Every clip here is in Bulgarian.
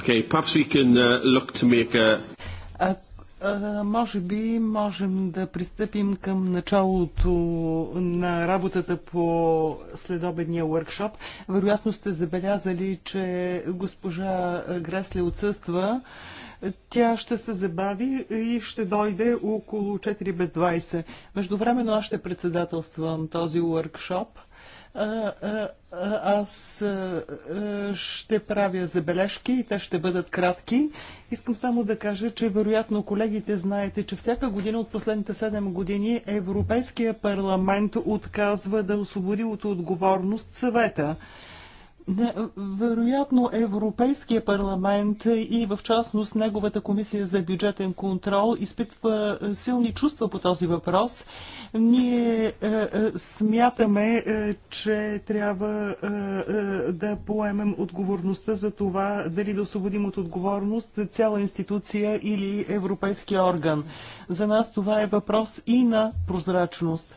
Okay, perhaps we can uh, look to make a... може би можем да пристъпим към началото на работата по следобедния workshop. Вероятно сте забелязали, че госпожа Гресле отсъства. Тя ще се забави и ще дойде около 4 без 20. Междувременно аз ще председателствам този workshop – аз ще правя забележки и те ще бъдат кратки. Искам само да кажа, че вероятно колегите знаете, че всяка година от последните 7 години Европейския парламент отказва да освободи от отговорност съвета. Не, Вероятно Европейския парламент и в частност неговата комисия за бюджетен контрол изпитва е, силни чувства по този въпрос. Ние е, е, смятаме, че трябва да поемем отговорността за това дали да освободим от отговорност цяла институция или европейски орган. За нас това е въпрос и на прозрачност.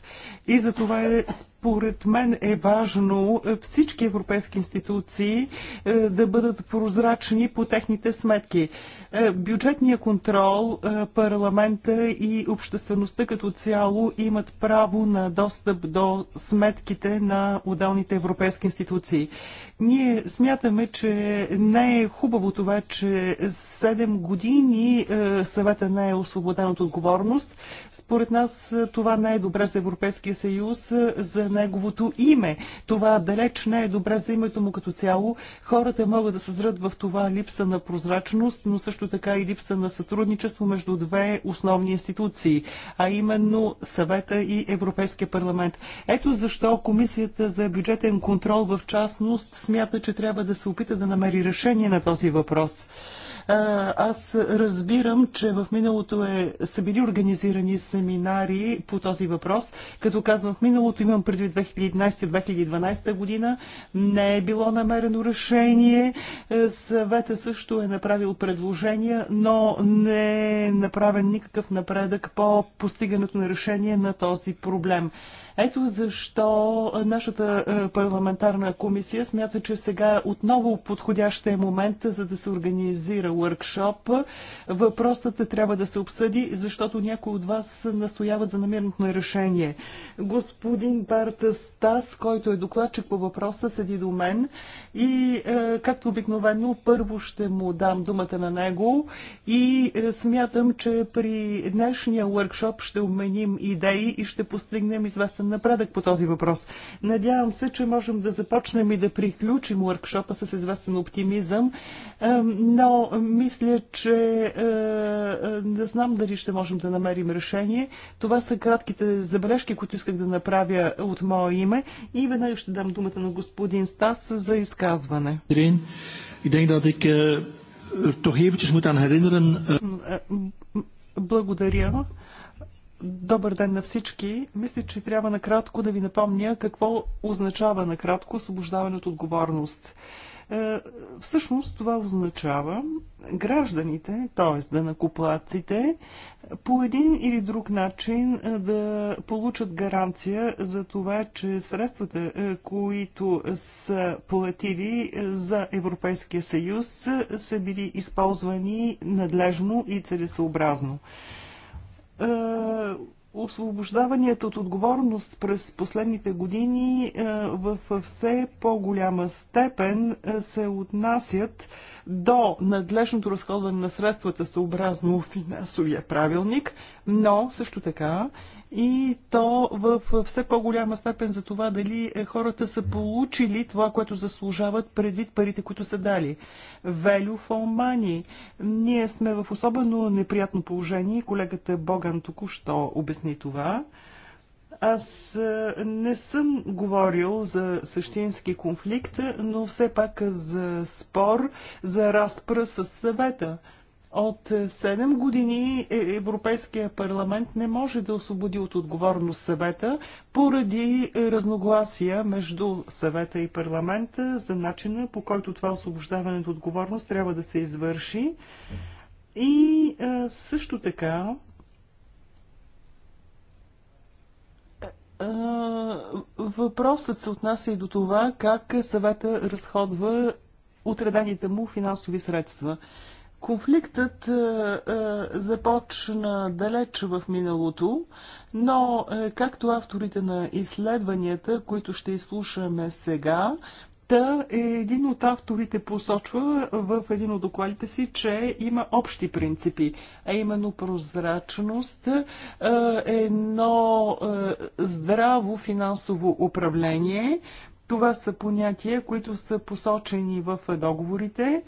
И за това е според мен е важно е, всички европейски институции е, да бъдат прозрачни по техните сметки. Е, бюджетния контрол, парламента и обществеността като цяло имат право на достъп до сметките на отделните европейски институции. Ние смятаме, че не е хубаво това, че 7 години е, съвета не е освободен от отговорност. Според нас е, това не е добре за Европейския съюз, е, за неговото име. Това далеч не е добре за името му като цяло. Хората могат да се зрат в това липса на прозрачност, но също така и липса на сътрудничество между две основни институции, а именно съвета и Европейския парламент. Ето защо Комисията за бюджетен контрол в частност смята, че трябва да се опита да намери решение на този въпрос. Аз разбирам, че в миналото е, са били организирани семинари по този въпрос. Като казвам в миналото, имам предвид 2011-2012 година. Не е било намерено решение. Е, съвета също е направил предложения, но не е направен никакъв напредък по постигането на решение на този проблем. Ето защо нашата е, парламентарна комисия смята, че сега е отново подходящ е момент за да се организира уркшоп. Въпросът трябва да се обсъди, защото някои от вас настояват за намирането на решение. Господин Барта Стас, който е докладчик по въпроса, седи до мен и е, както обикновено, първо ще му дам думата на него и е, смятам, че при днешния workshop ще обменим идеи и ще постигнем известен напредък по този въпрос. Надявам се, че можем да започнем и да приключим workshopа с известен оптимизъм но мисля, че е, е, не знам дали ще можем да намерим решение. Това са кратките забележки, които исках да направя от мое име и веднага ще дам думата на господин Стас за изказване. Благодаря. Добър ден на всички. Мисля, че трябва накратко да ви напомня какво означава накратко освобождаване от отговорност. Е, всъщност това означава гражданите, т.е. данакоплаците, по един или друг начин е, да получат гаранция за това, че средствата, е, които са платили за Европейския съюз, са били използвани надлежно и целесообразно освобождаванията от отговорност през последните години е, в все по-голяма степен е, се отнасят до надлежното разходване на средствата съобразно финансовия правилник, но също така и то в все по-голяма степен за това дали е, хората са получили това, което заслужават предвид парите, които са дали. Value for money. Ние сме в особено неприятно положение. Колегата Боган току-що обясни това. Аз е, не съм говорил за същински конфликт, но все пак за спор, за разпра с съвета. От 7 години е, Европейския парламент не може да освободи от отговорност съвета поради разногласия между съвета и парламента за начина по който това освобождаване от отговорност трябва да се извърши. И също така въпросът се отнася и до това как съвета разходва отредените му финансови средства. Конфликтът е, е, започна далеч в миналото, но е, както авторите на изследванията, които ще изслушаме сега, Та един от авторите посочва в един от докладите си, че има общи принципи, а именно прозрачност, едно здраво финансово управление. Това са понятия, които са посочени в договорите.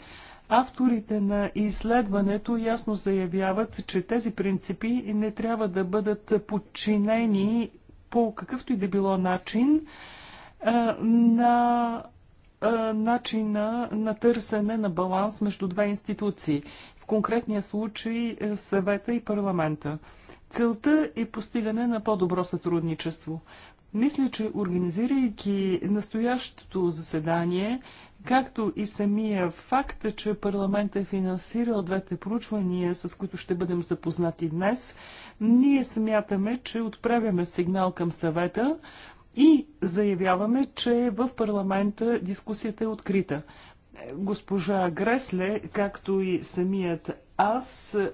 Авторите на изследването ясно заявяват, че тези принципи не трябва да бъдат подчинени по какъвто и да било начин на начина на търсене на баланс между две институции, в конкретния случай съвета и парламента. Целта е постигане на по-добро сътрудничество. Мисля, че организирайки настоящото заседание, както и самия факт, че парламент е финансирал двете проучвания, с които ще бъдем запознати днес, ние смятаме, че отправяме сигнал към съвета и заявяваме, че в парламента дискусията е открита. Госпожа Гресле, както и самият аз, е,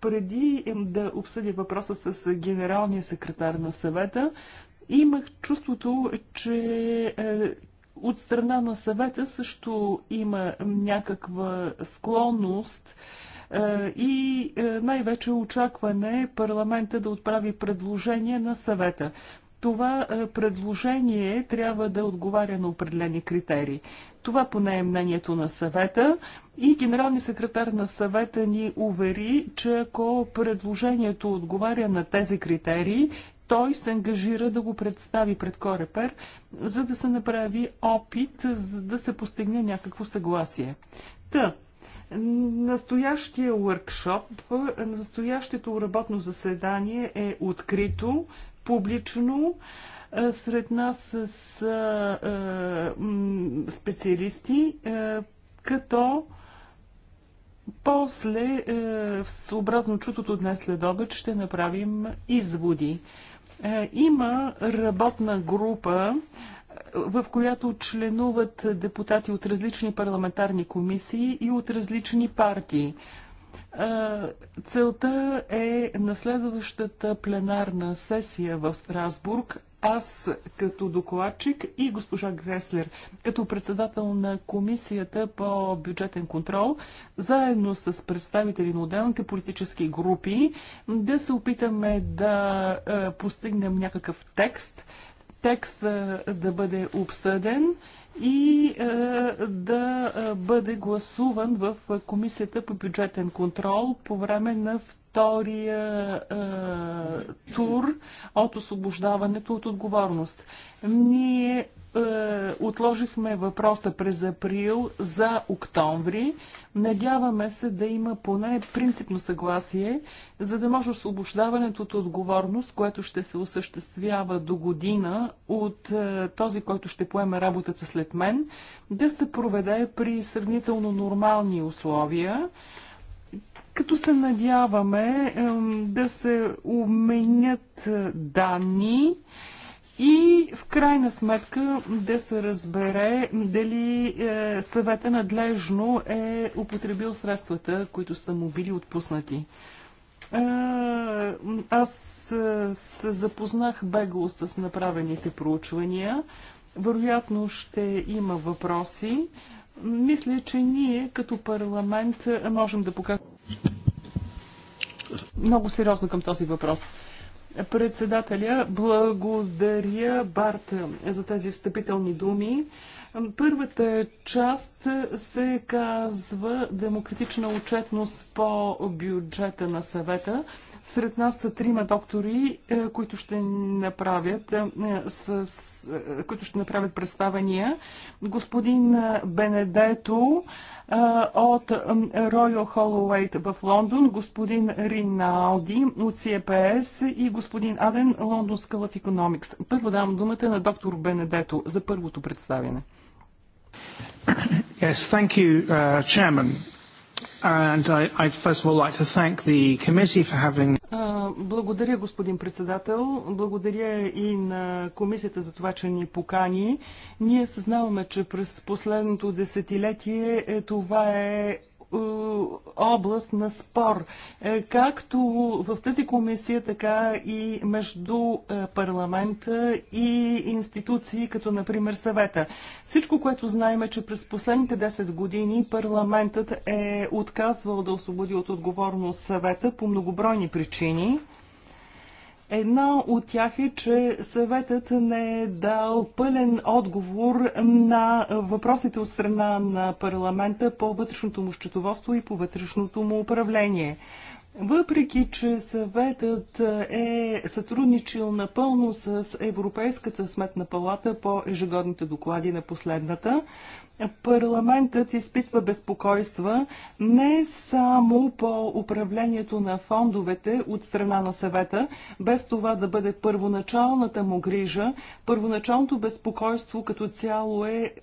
преди да обсъдя въпроса с генералния секретар на съвета, имах чувството, че е, от страна на съвета също има някаква склонност е, и е, най-вече очакване парламента да отправи предложение на съвета. Това е, предложение трябва да отговаря на определени критерии. Това поне е мнението на съвета и генералният секретар на съвета ни увери, че ако предложението отговаря на тези критерии, той се ангажира да го представи пред Корепер, за да се направи опит, за да се постигне някакво съгласие. Та, настоящия въркшоп, настоящето работно заседание е открито, публично. Сред нас са специалисти, като после, съобразно чутото днес след обед, ще направим изводи. Е, има работна група, е, в която членуват депутати от различни парламентарни комисии и от различни партии. Е, целта е на следващата пленарна сесия в Страсбург, аз като докладчик и госпожа Греслер като председател на Комисията по бюджетен контрол, заедно с представители на отделните политически групи, да се опитаме да е, постигнем някакъв текст, текст е, да бъде обсъден и е, да е, бъде гласуван в Комисията по бюджетен контрол по време на втория е, тур от освобождаването от отговорност. Ние е, отложихме въпроса през април за октомври. Надяваме се да има поне принципно съгласие, за да може освобождаването от отговорност, което ще се осъществява до година от е, този, който ще поеме работата след мен, да се проведе при сравнително нормални условия като се надяваме да се уменят е, данни и в крайна сметка да се разбере дали е, съвета надлежно е употребил средствата, които са му били отпуснати. Е, аз се запознах бегло с направените проучвания. Вероятно ще има въпроси. Мисля, че ние като парламент можем да покажем много сериозно към този въпрос. Председателя, благодаря Барт за тези встъпителни думи. Първата част се казва демократична отчетност по бюджета на съвета. Сред нас са трима доктори, е, които ще направят, е, с, е, които ще направят представения. Господин Бенедето от Royal Holloway в Лондон, господин Риналди от CPS и господин Аден Лондон School of Economics. Първо давам думата на доктор Бенедето за първото представяне. Yes, thank you, uh, chairman. And I, first of all like to thank the committee for having... Благодаря, господин председател. Благодаря и на комисията за това, че ни покани. Ние съзнаваме, че през последното десетилетие е, това е е, област на спор, е, както в тази комисия, така и между е, парламента и институции, като например съвета. Всичко, което знаем е, че през последните 10 години парламентът е отказвал да освободи от отговорност съвета по многобройни причини. Една от тях е, че съветът не е дал пълен отговор на въпросите от страна на парламента по вътрешното му счетоводство и по вътрешното му управление. Въпреки, че съветът е сътрудничил напълно с Европейската сметна палата по ежегодните доклади на последната, Парламентът изпитва безпокойства не само по управлението на фондовете от страна на съвета, без това да бъде първоначалната му грижа. Първоначалното безпокойство като цяло е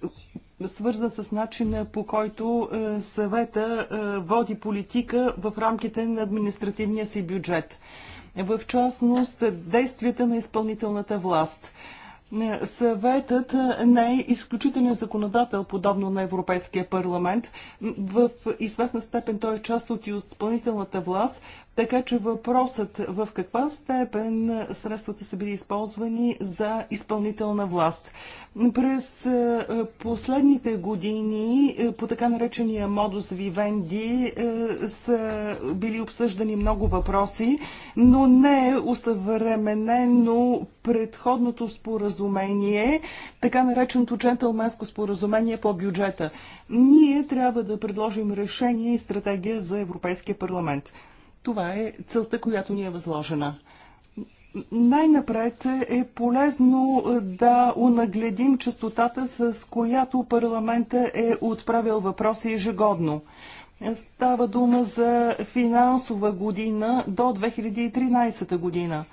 свързан с начина по който е, съвета е, води политика в рамките на административния си бюджет. В частност, действията на изпълнителната власт. Съветът не е изключителен законодател, подобно на Европейския парламент. В известна степен той е част от изпълнителната власт, така че въпросът в каква степен средствата са били използвани за изпълнителна власт. През е, последните години е, по така наречения модус вивенди е, са били обсъждани много въпроси, но не е усъвременено предходното споразумение, така нареченото джентълменско споразумение по бюджета. Ние трябва да предложим решение и стратегия за Европейския парламент. Това е целта, която ни е възложена. Най-напред е полезно е, да унагледим частотата, с която парламента е отправил въпроси ежегодно. Става дума за финансова година до 2013 година.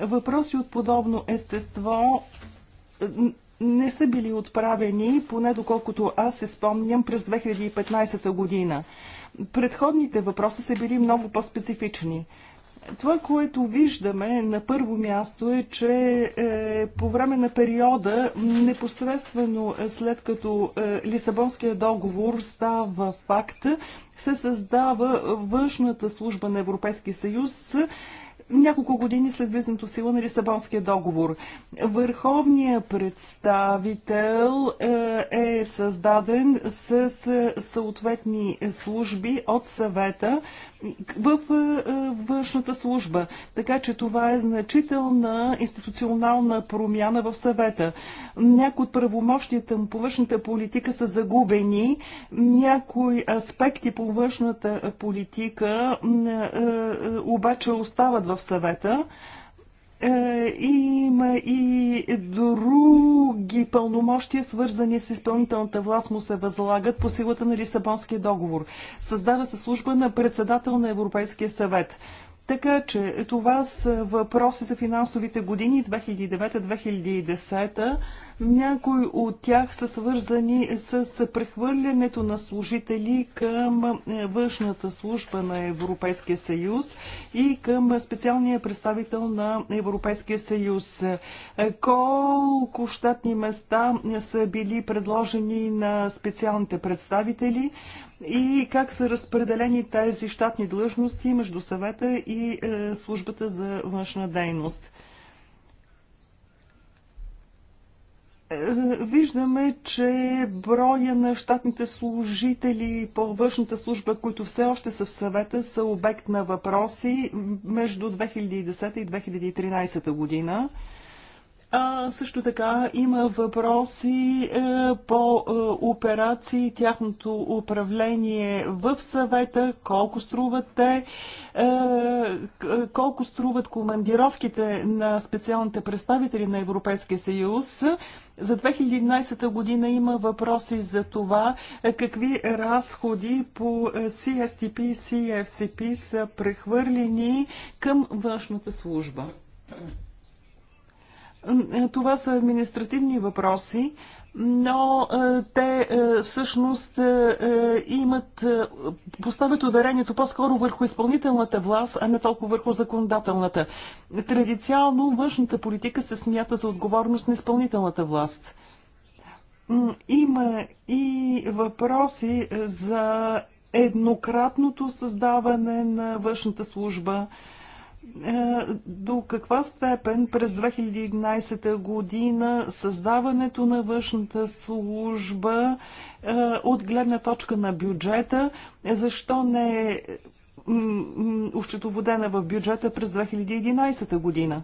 Въпроси от подобно естество е, не са били отправени, поне доколкото аз се спомням, през 2015 година. Предходните въпроси са били много по-специфични. Това, което виждаме на първо място е, че е, по време на периода, непосредствено е, след като е, Лисабонския договор става факт, се създава външната служба на Европейския съюз няколко години след влизането сила на Лисабонския договор. Върховният представител е, е създаден с съответни служби от съвета, в е, е, външната служба. Така че това е значителна институционална промяна в съвета. Някои от правомощията му по външната политика са загубени, някои аспекти по външната политика е, обаче остават в съвета. Е, има и други пълномощия, свързани с изпълнителната власт, му се възлагат по силата на Лисабонския договор. Създава се служба на председател на Европейския съвет. Така че това са въпроси за финансовите години 2009-2010. Някои от тях са свързани с прехвърлянето на служители към е, външната служба на Европейския съюз и към специалния представител на Европейския съюз. Колко щатни места са били предложени на специалните представители? и как са разпределени тези щатни длъжности между съвета и е, службата за външна дейност. Е, виждаме, че броя на щатните служители по външната служба, които все още са в съвета, са обект на въпроси между 2010 и 2013 година. А, също така има въпроси е, по е, операции, тяхното управление в съвета, колко струват те, е, е колко струват командировките на специалните представители на Европейския съюз. За 2011 година има въпроси за това е, какви разходи по CSTP и CFCP са прехвърлени към външната служба. Е, това са административни въпроси, но е, те е, всъщност имат, поставят ударението по-скоро върху изпълнителната власт, а не толкова върху законодателната. Традиционно външната политика се смята за отговорност на изпълнителната власт. Има и въпроси за еднократното създаване на външната служба, до каква степен през 2011 година създаването на външната служба от гледна точка на бюджета, защо не е ощетоводена в бюджета през 2011 година?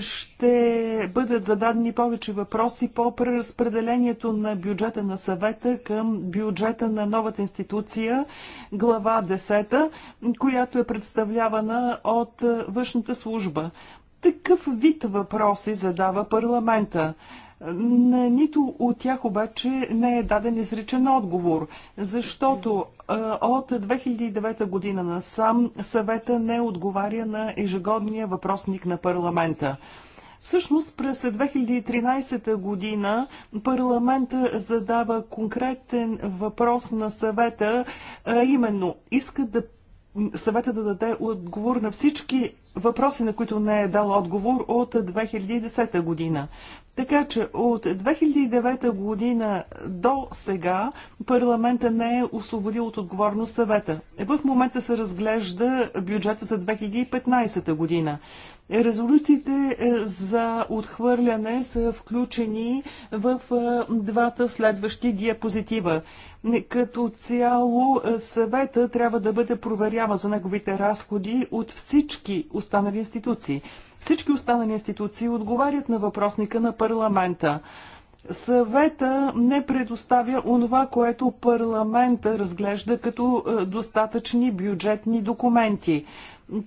ще бъдат зададени повече въпроси по преразпределението на бюджета на съвета към бюджета на новата институция, глава 10, която е представлявана от външната служба. Такъв вид въпроси задава парламента. На нито от тях обаче не е даден изречен отговор, защото от 2009 година насам съвета не отговаря на ежегодния въпросник на парламента. Всъщност през 2013 година парламента задава конкретен въпрос на съвета, а именно искат да съвета да даде отговор на всички въпроси, на които не е дал отговор от 2010 година. Така че от 2009 година до сега парламента не е освободил от отговорност съвета. В момента се разглежда бюджета за 2015 година. Резолюциите е, за отхвърляне са включени в е, двата следващи диапозитива. Като цяло е, съвета трябва да бъде проверява за неговите разходи от всички останали институции. Всички останали институции отговарят на въпросника на парламента. Съвета не предоставя онова, което парламента разглежда като е, достатъчни бюджетни документи.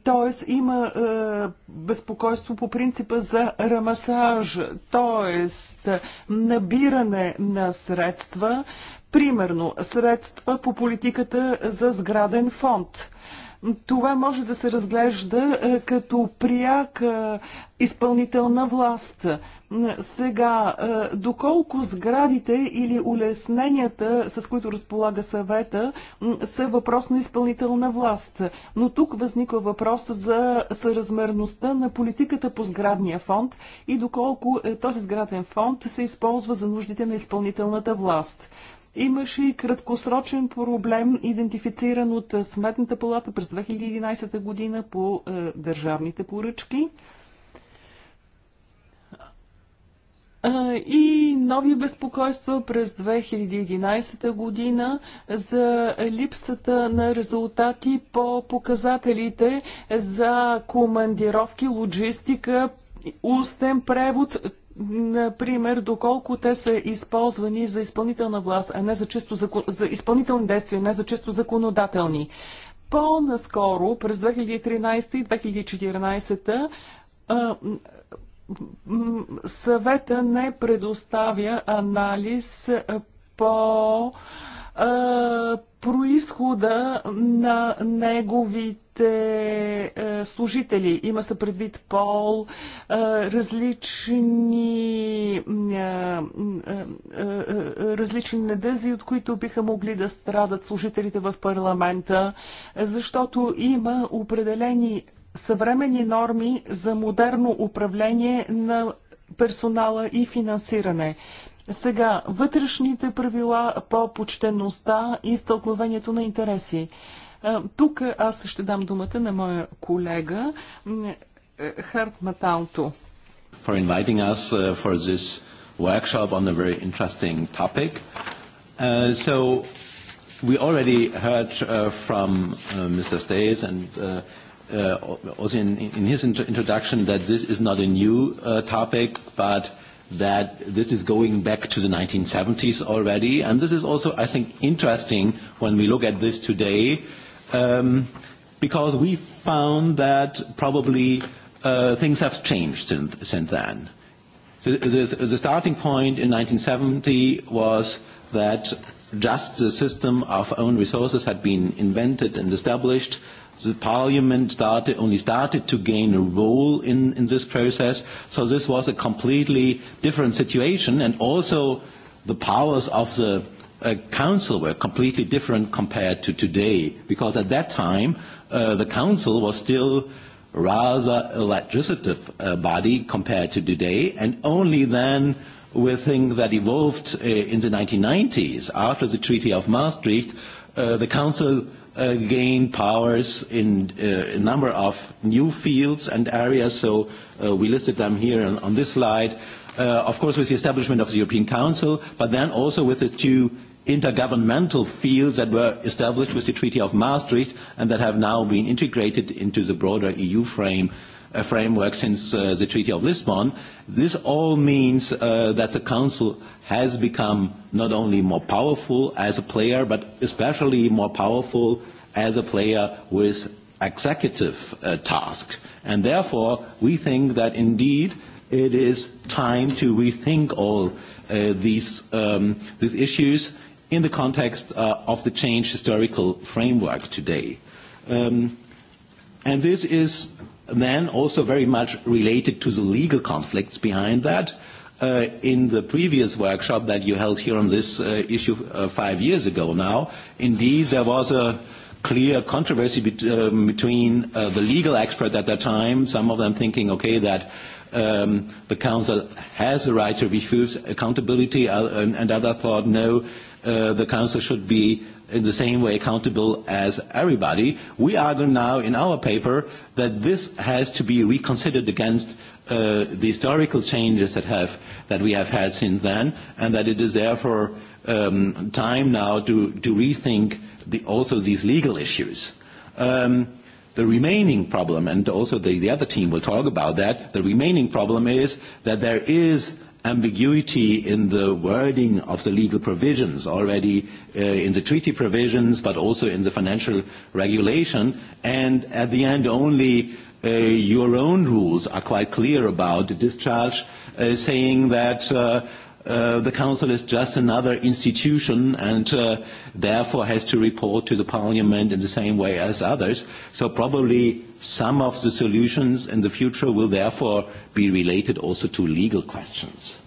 Тоест има е, безпокойство по принципа за рамасаж, т.е. набиране на средства, Примерно, средства по политиката за сграден фонд. Това може да се разглежда е, като пряк е, изпълнителна власт. Сега, е, доколко сградите или улесненията, с които разполага съвета, са въпрос на изпълнителна власт. Но тук възниква въпрос за съразмерността на политиката по сградния фонд и доколко този сграден фонд се използва за нуждите на изпълнителната власт. Имаше и краткосрочен проблем, идентифициран от е, Сметната палата през 2011 година по е, държавните поръчки. И нови безпокойства през 2011 година за липсата на резултати по показателите за командировки, логистика, устен превод, например, доколко те са използвани за изпълнителна власт, а не за чисто закон... за изпълнителни действия, не за чисто законодателни. По-наскоро, през 2013 и 2014 съвета не предоставя анализ по происхода на неговите служители. Има се предвид пол, различни, различни недъзи, от които биха могли да страдат служителите в парламента, защото има определени съвременни норми за модерно управление на персонала и финансиране. Сега, вътрешните правила по почтенността и стълкновението на интереси. Тук аз ще дам думата на моя колега Харт Маталто. For inviting us for this workshop on a very interesting topic. so we already heard from Mr. Stays and also in, his introduction that this is not a new topic, but that this is going back to the 1970s already. And this is also, I think, interesting when we look at this today, um, because we found that probably uh, things have changed since, since then. The, the, the starting point in 1970 was that just the system of own resources had been invented and established. The parliament started, only started to gain a role in, in this process. So this was a completely different situation and also the powers of the uh, council were completely different compared to today because at that time uh, the council was still rather a legislative uh, body compared to today and only then with things that evolved uh, in the 1990s. After the Treaty of Maastricht, uh, the Council uh, gained powers in uh, a number of new fields and areas, so uh, we listed them here on, on this slide. Uh, of course, with the establishment of the European Council, but then also with the two intergovernmental fields that were established with the Treaty of Maastricht and that have now been integrated into the broader EU frame uh, uh, framework since uh, the Treaty of Lisbon. This all means uh, that the Council has become not only more powerful as a player, but especially more powerful as a player with executive uh, tasks. And therefore, we think that indeed it is time to rethink all uh, these, um, these issues in the context uh, of the changed historical framework today. Um, and this is then also very much related to the legal conflicts behind that. Uh, in the previous workshop that you held here on this uh, issue uh, five years ago now, indeed there was a clear controversy bet- uh, between uh, the legal experts at that time, some of them thinking, okay, that um, the council has a right to refuse accountability, uh, and, and other thought, no, uh, the council should be in the same way accountable as everybody. We argue now in our paper that this has to be reconsidered against uh, the historical changes that, have, that we have had since then, and that it is therefore um, time now to, to rethink the, also these legal issues. Um, the remaining problem, and also the, the other team will talk about that, the remaining problem is that there is ambiguity in the wording of the legal provisions already uh, in the treaty provisions, but also in the financial regulation. And at the end, only uh, your own rules are quite clear about the discharge, uh, saying that uh, the Council is just another institution and uh, therefore has to report to the Parliament in the same way as others. So probably some of the solutions in the future will therefore be related also to legal questions.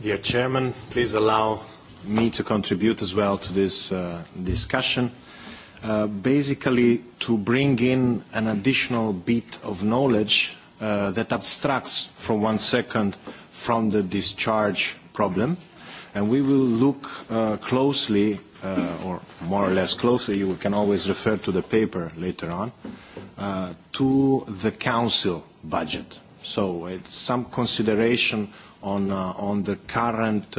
Dear Chairman, please allow me to contribute as well to this uh, discussion basically to bring in an additional bit of knowledge that abstracts for one second from the discharge problem. And we will look closely, or more or less closely, you can always refer to the paper later on, to the council budget. So it's some consideration on, on the current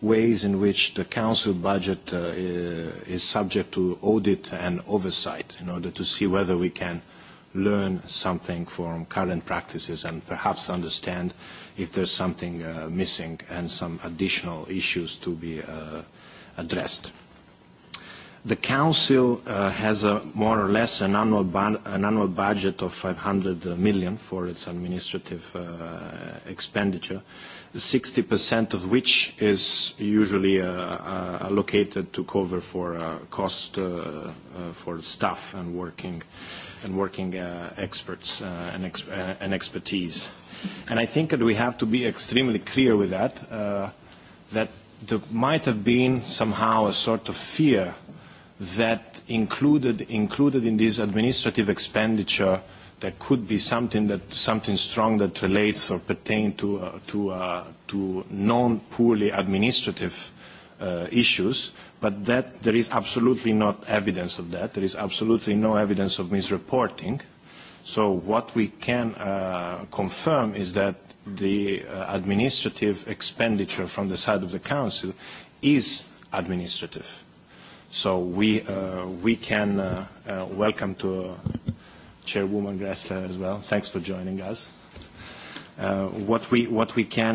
ways in which the council budget is subject to audit and oversight in order to see whether we can – learn something from current practices and perhaps understand if there's something uh, missing and some additional issues to be uh, addressed. The Council uh, has a, more or less an annual, bu- an annual budget of 500 million for its administrative uh, expenditure, 60% of which is usually uh, allocated to cover for uh, cost uh, uh, for staff and working uh, and working uh experts uh and and expertise. And I think that we have to be extremely clear with that, that there might have been somehow a sort of fear that included in this administrative expenditure there could be something that something strong that relates or pertains to uh, to uh, to non poorly administrative uh, issues But that there is absolutely not evidence of that. There is absolutely no evidence of misreporting. So what we can uh, confirm is that the uh, administrative expenditure from the side of the Council is administrative. So we, uh, we can uh, uh, welcome to uh, Chairwoman Gressler as well. Thanks for joining us What we can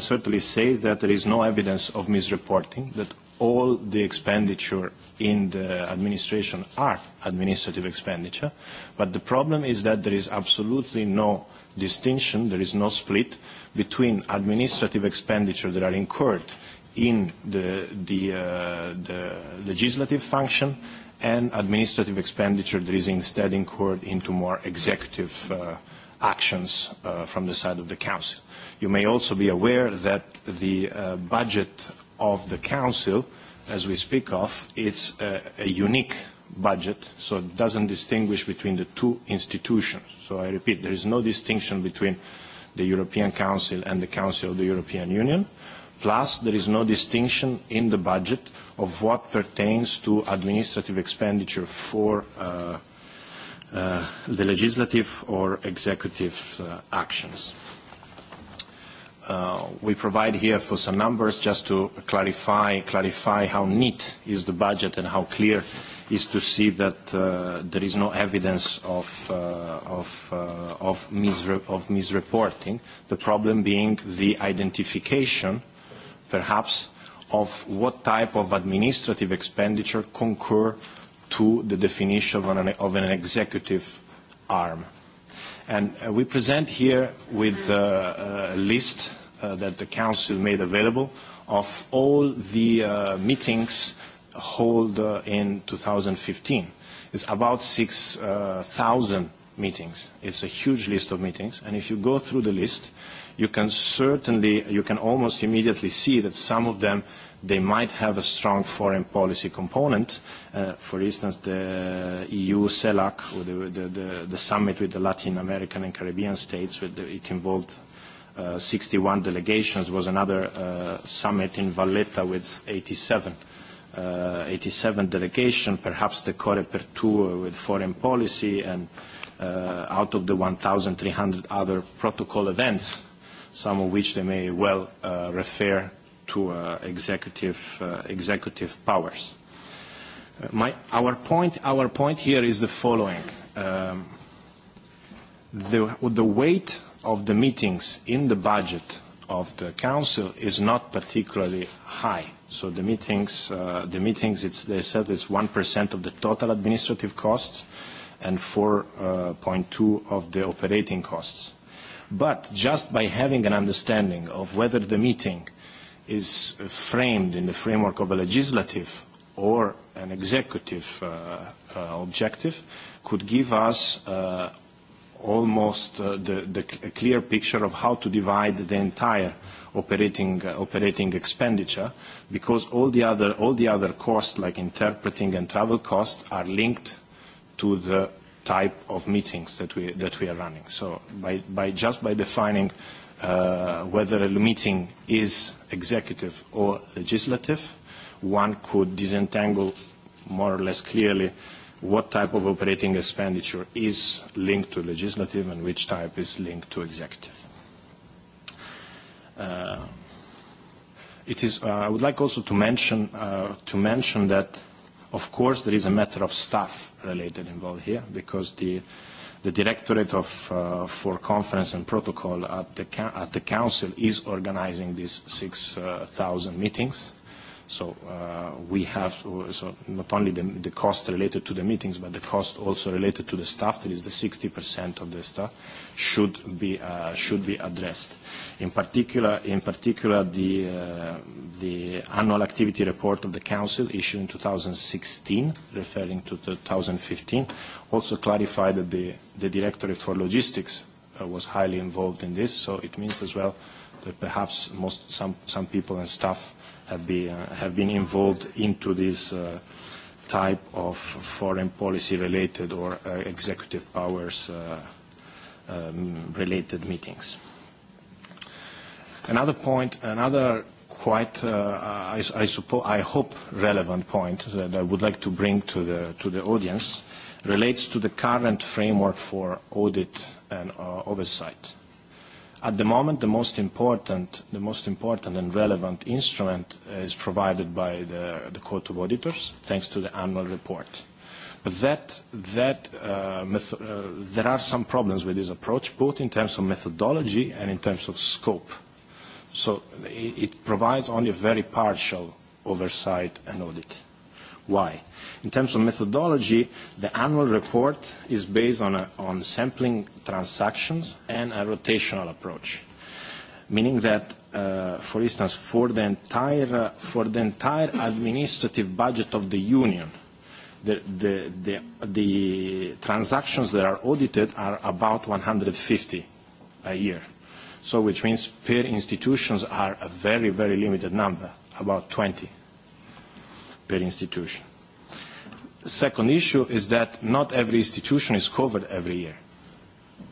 certainly say is that there is no evidence of misreporting, that all the expenditure in the administration are administrative expenditure. But the problem is that there is absolutely no distinction, there is no split between administrative expenditure that are incurred in the, legislative function and administrative expenditure that is instead incurred into more executive functions actions uh, from the side of the Council. You may also be aware that the uh, budget of the Council, as we speak of, it's a, a unique budget, so it doesn't distinguish between the two institutions. So I repeat, there is no distinction between the European Council and the Council of the European Union. Plus, there is no distinction in the budget of what pertains to administrative expenditure for uh, the legislative or executive actions. We provide here for some numbers just to clarify how neat is the budget and how clear is to see that there is no evidence of misreporting. The problem being the identification, perhaps, of what type of administrative expenditure concur to the definition of an, of an executive arm. And uh, we present here with uh, a list uh, that the Council made available of all the uh, meetings held uh, in 2015. It's about 6,000 meetings. It's a huge list of meetings. And if you go through the list, you can certainly, you can almost immediately see that some of them they might have a strong foreign policy component. For instance, the EU CELAC, or the summit with the Latin American and Caribbean states, it involved 61 delegations, was another summit in Valletta with 87 87 delegation, perhaps the COREPER tour with foreign policy and out of the 1,300 other protocol events, some of which they may well refer to uh, executive, uh, executive powers. Uh, my, our, point, our point here is the following. Um, the, the weight of the meetings in the budget of the Council is not particularly high. So the meetings, uh, the meetings it's, they said it's 1% of the total administrative costs and 4.2% of the operating costs. But just by having an understanding of whether the meeting is framed in the framework of a legislative or an executive uh, uh, objective could give us uh, almost uh, the, the a clear picture of how to divide the entire operating uh, operating expenditure because all the other all the other costs like interpreting and travel costs are linked to the type of meetings that we that we are running so by by just by defining uh, whether a meeting is executive or legislative. One could disentangle more or less clearly what type of operating expenditure is linked to legislative and which type is linked to executive. Uh, it is, uh, I would like also to mention, uh, to mention that, of course, there is a matter of staff related involved here because the uh, The Directorate of, uh, for Conference and Protocol at the, at the Council is organizing these 6,000 meetings. So uh, we have to, so not only the, the cost related to the meetings, but the cost also related to the staff, that is the 60% of the staff should be uh, should be addressed. In particular, in particular, the uh, the annual activity report of the Council issued in 2016, referring to 2015, also clarified that the the Directorate for Logistics uh, was highly involved in this. So it means as well that perhaps most some some people and staff have been uh, have been involved into this. Uh, type of foreign policy related or uh, executive powers uh, related meetings. Another point, another quite, I, suppose, I hope, relevant point that I would like to bring to the, audience relates to the current framework for audit and oversight. At the moment, the most important, and relevant instrument is provided by the Court of Auditors, thanks to the annual report that, that uh, uh, there are some problems with this approach, both in terms of methodology and in terms of scope. So it, it provides only a very partial oversight and audit. Why? In terms of methodology, the annual report is based on, a, on sampling transactions and a rotational approach, meaning that, uh, for instance, for the, entire, for the entire administrative budget of the union – the, the, the, the transactions that are audited are about 150 a year. So which means per institutions are a very, very limited number, about 20 per institution. Second issue is that not every institution is covered every year.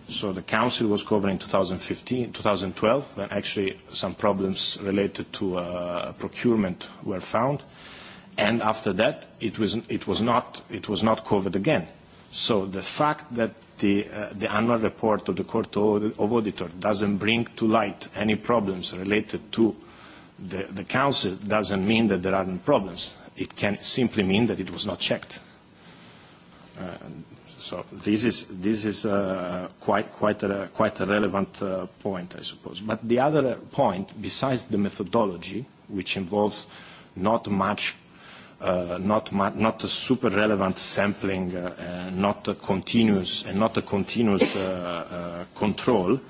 So the council was covered in 2015, 2012, when actually some problems related to procurement were found. And after that, it was, it was, not, it was not covered again. So the fact that the, uh, the annual report of the Court of Auditor doesn't bring to light any problems related to the, the Council doesn't mean that there aren't problems. It can simply mean that it was not checked. Uh, so this is, this is uh, quite, quite, a, quite a relevant uh, point, I suppose. But the other point, besides the methodology, which involves not much not, not a super relevant sampling, not a continuous and not a continuous control.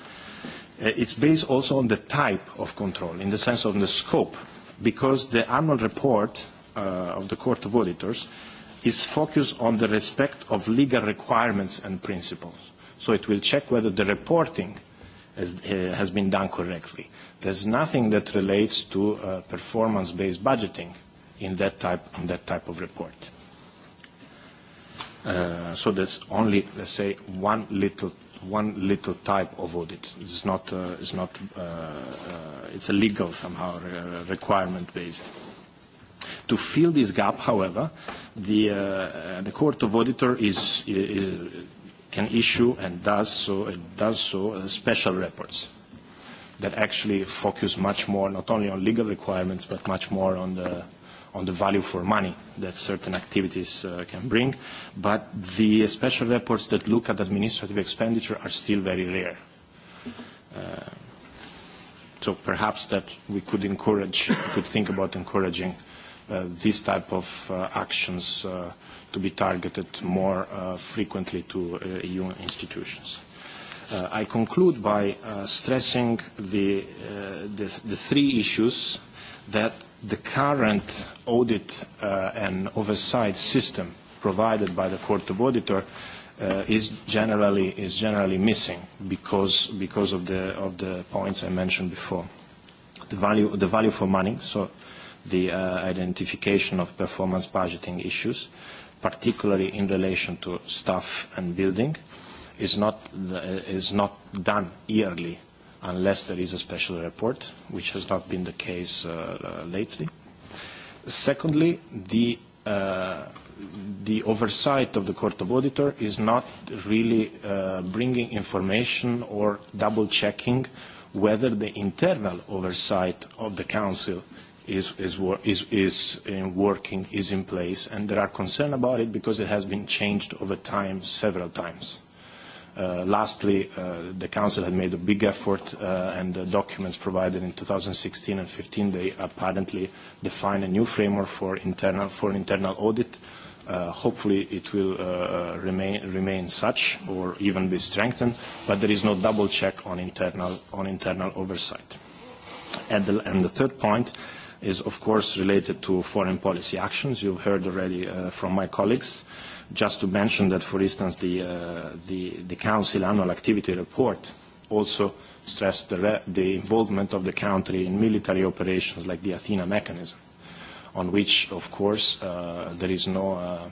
It's based also on the type of control, in the sense of the scope, because the annual report of the Court of Auditors is focused on the respect of legal requirements and principles. So it will check whether the reporting has, been done correctly. There's nothing that relates to performance-based budgeting in that type, in that type of report. Uh, so that's only, let's say, one little one little type of audit. It's not, uh, it's not, uh, uh, it's a legal somehow re requirement based. To fill this gap, however, the, uh, the Court of Auditor is, is, can issue and does so, it does so uh, special reports that actually focus much more not only on legal requirements but much more on the on the value for money that certain activities uh, can bring, but the special reports that look at administrative expenditure are still very rare. Uh, so perhaps that we could encourage, we could think about encouraging uh, these type of uh, actions uh, to be targeted more uh, frequently to uh, EU institutions. Uh, I conclude by uh, stressing the, uh, the, the three issues that the current audit uh, and oversight system provided by the court of auditor uh, is generally is generally missing because because of the of the points I mentioned before the value the value for money so the uh, identification of performance budgeting issues particularly in relation to staff and building is not is not done yearly unless there is a special report, which has not been the case lately. Secondly, the, oversight of the Court of Auditor is not really bringing information or double-checking whether the internal oversight of the Council is, working, is in place, and there are concerns about it because it has been changed over time several times. Lastly, the council had made a big effort, and the documents provided in 2016 and 2015, they apparently define a new framework for internal for an internal audit. Hopefully, it will remain such or even be strengthened, but there is no double check on internal oversight. The third point is, of course, related to foreign policy actions. You've heard already from my colleagues Just to mention that, for instance, the, uh, the, the Council Annual Activity Report also stressed the, re the involvement of the country in military operations like the Athena mechanism, on which, of course, uh, there is no... Uh,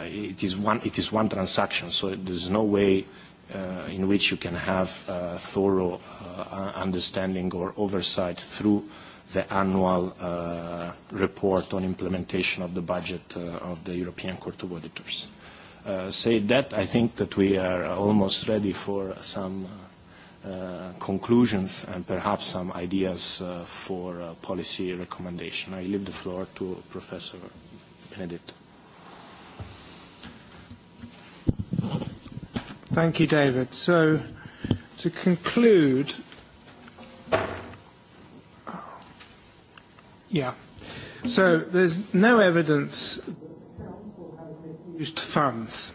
uh, it, is one, it is one transaction, so there is no way uh, in which you can have a thorough uh, understanding or oversight through the annual uh, report on implementation of the budget uh, of the European Court of Auditors. Uh, say that, I think that we are almost ready for some uh, conclusions and perhaps some ideas uh, for uh, policy recommendation. I leave the floor to Professor Benedetto. Thank you, David. So, to conclude, Yeah. So there's no evidence used funds.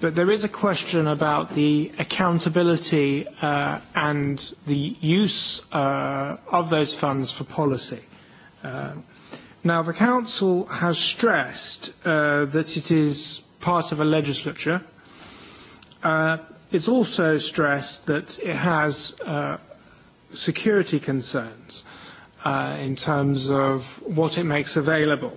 But there is a question about the accountability uh, and the use uh, of those funds for policy. Uh, now, the Council has stressed uh, that it is part of a legislature. Uh, it's also stressed that it has uh, security concerns. Uh, uh, in terms of what it makes available.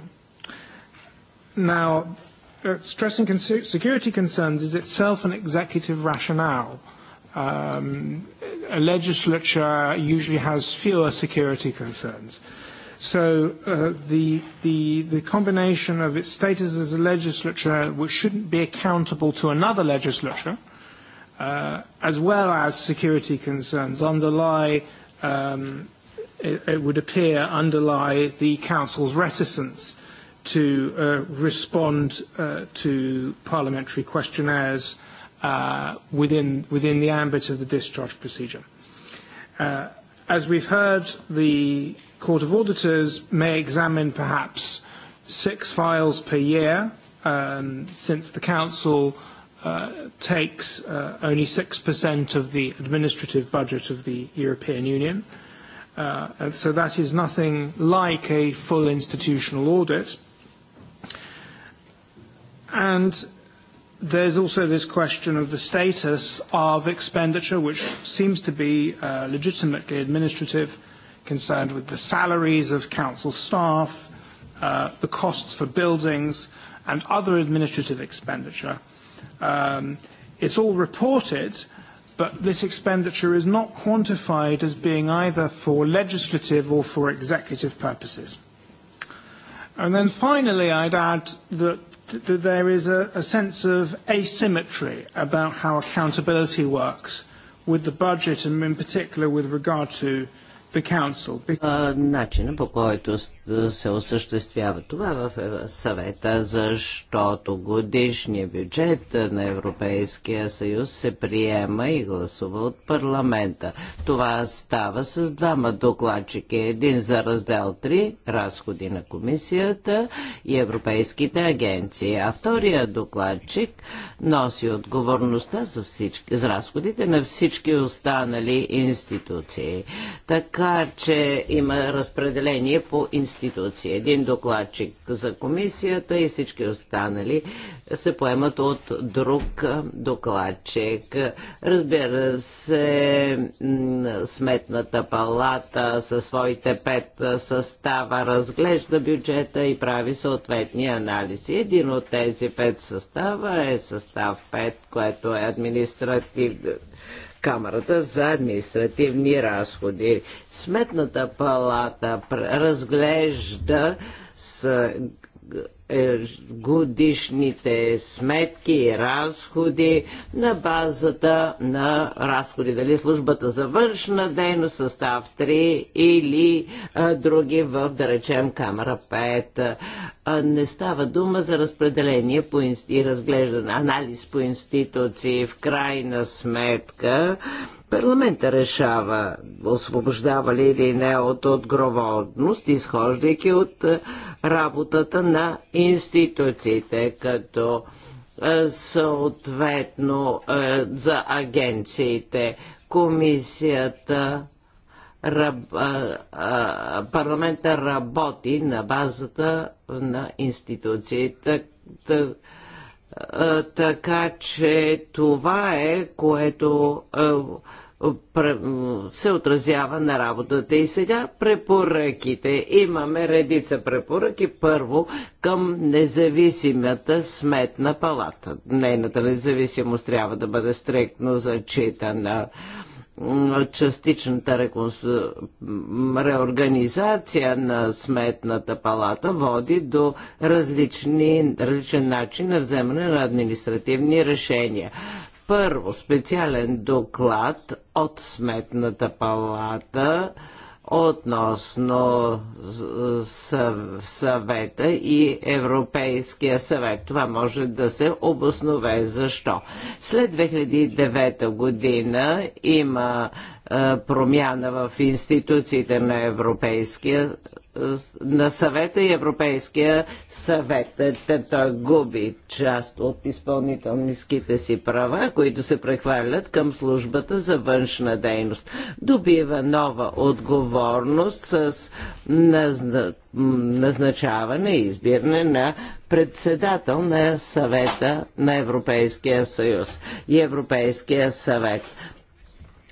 Now, uh, stressing security concerns is itself an executive rationale. Um, a legislature usually has fewer security concerns. So uh, the, the, the combination of its status as a legislature, which shouldn't be accountable to another legislature, uh, as well as security concerns, underlie um, it would appear, underlie the Council's reticence to uh, respond uh, to parliamentary questionnaires uh, within, within the ambit of the discharge procedure. Uh, as we've heard, the Court of Auditors may examine perhaps six files per year um, since the Council uh, takes uh, only 6% of the administrative budget of the European Union. Uh, Uh, so that is nothing like a full institutional audit. And there's also this question of the status of expenditure, which seems to be uh, legitimately administrative, concerned with the salaries of council staff, uh, the costs for buildings, and other administrative expenditure. Um, it's all reported, but this expenditure is not quantified as being either for legislative or for executive purposes. And then finally, I'd add that that there is a, a sense of asymmetry about how accountability works with the budget and in particular with regard to начина по който се осъществява това в съвета, защото годишния бюджет на Европейския съюз се приема и гласува от парламента. Това става с двама докладчики. Един за раздел 3, разходи на комисията и европейските агенции. А втория докладчик носи отговорността за, всички, за разходите на всички останали институции. Така така, че има разпределение по институции. Един докладчик за комисията и всички останали се поемат от друг докладчик. Разбира се, Сметната палата със своите пет състава разглежда бюджета и прави съответни анализи. Един от тези пет състава е състав 5, което е административ Камерата за административни разходи. Сметната палата разглежда с е, годишните сметки и разходи на базата на разходи. Дали службата за външна дейност, състав 3 или а, други в, да речем, камера 5. А, не става дума за разпределение по инст... и разглеждане, анализ по институции. В крайна сметка Парламента решава освобождава ли или не от отговорност, изхождайки от работата на институциите, като съответно за агенциите, комисията, раб, парламента работи на базата на институциите така че това е, което се отразява на работата. И сега препоръките. Имаме редица препоръки. Първо към независимата сметна палата. Нейната независимост трябва да бъде стриктно зачитана частичната реконс... реорганизация на сметната палата води до различни, различен начин на вземане на административни решения. Първо, специален доклад от Сметната палата относно съвета и Европейския съвет. Това може да се обоснове защо. След 2009 година има промяна в институциите на Европейския на съвета и Европейския съвет. Той губи част от изпълнителниските си права, които се прехвърлят към службата за външна дейност. Добива нова отговорност с назначаване и избиране на председател на съвета на Европейския съюз и Европейския съвет.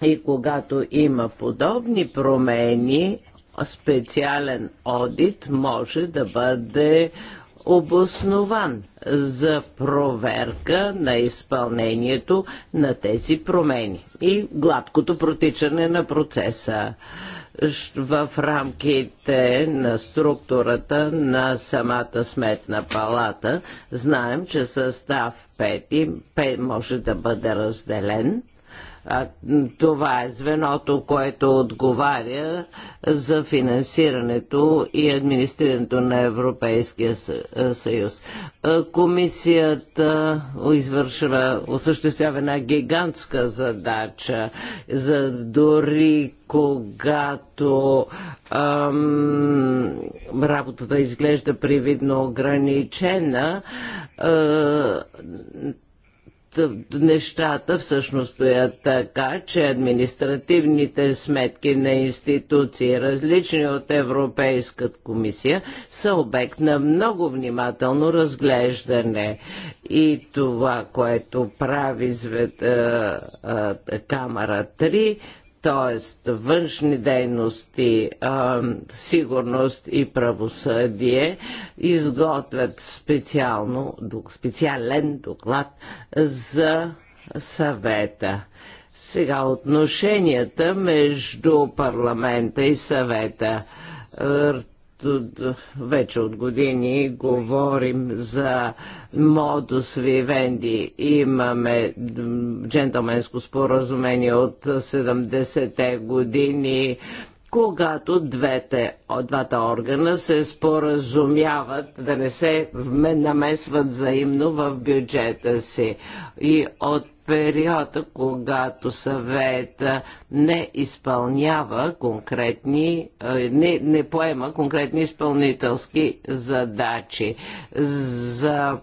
И когато има подобни промени, специален одит може да бъде обоснован за проверка на изпълнението на тези промени и гладкото протичане на процеса в рамките на структурата на самата сметна палата. Знаем, че състав 5, може да бъде разделен това е звеното, което отговаря за финансирането и администрирането на Европейския съюз. Комисията извършва, осъществява една гигантска задача за дори когато ам, работата изглежда привидно ограничена, а, е, нещата всъщност стоят така, че административните сметки на институции, различни от Европейската комисия, са обект на много внимателно разглеждане. И това, което прави звед, а, е, а, е, Камара 3, т.е. външни дейности, сигурност и правосъдие, изготвят специално, специален доклад за съвета. Сега отношенията между парламента и съвета вече от години говорим за модус вивенди. Имаме джентълменско споразумение от 70-те години когато двете, двата органа се споразумяват да не се намесват взаимно в бюджета си. И от периода, когато съвета не изпълнява конкретни, не, не поема конкретни изпълнителски задачи. За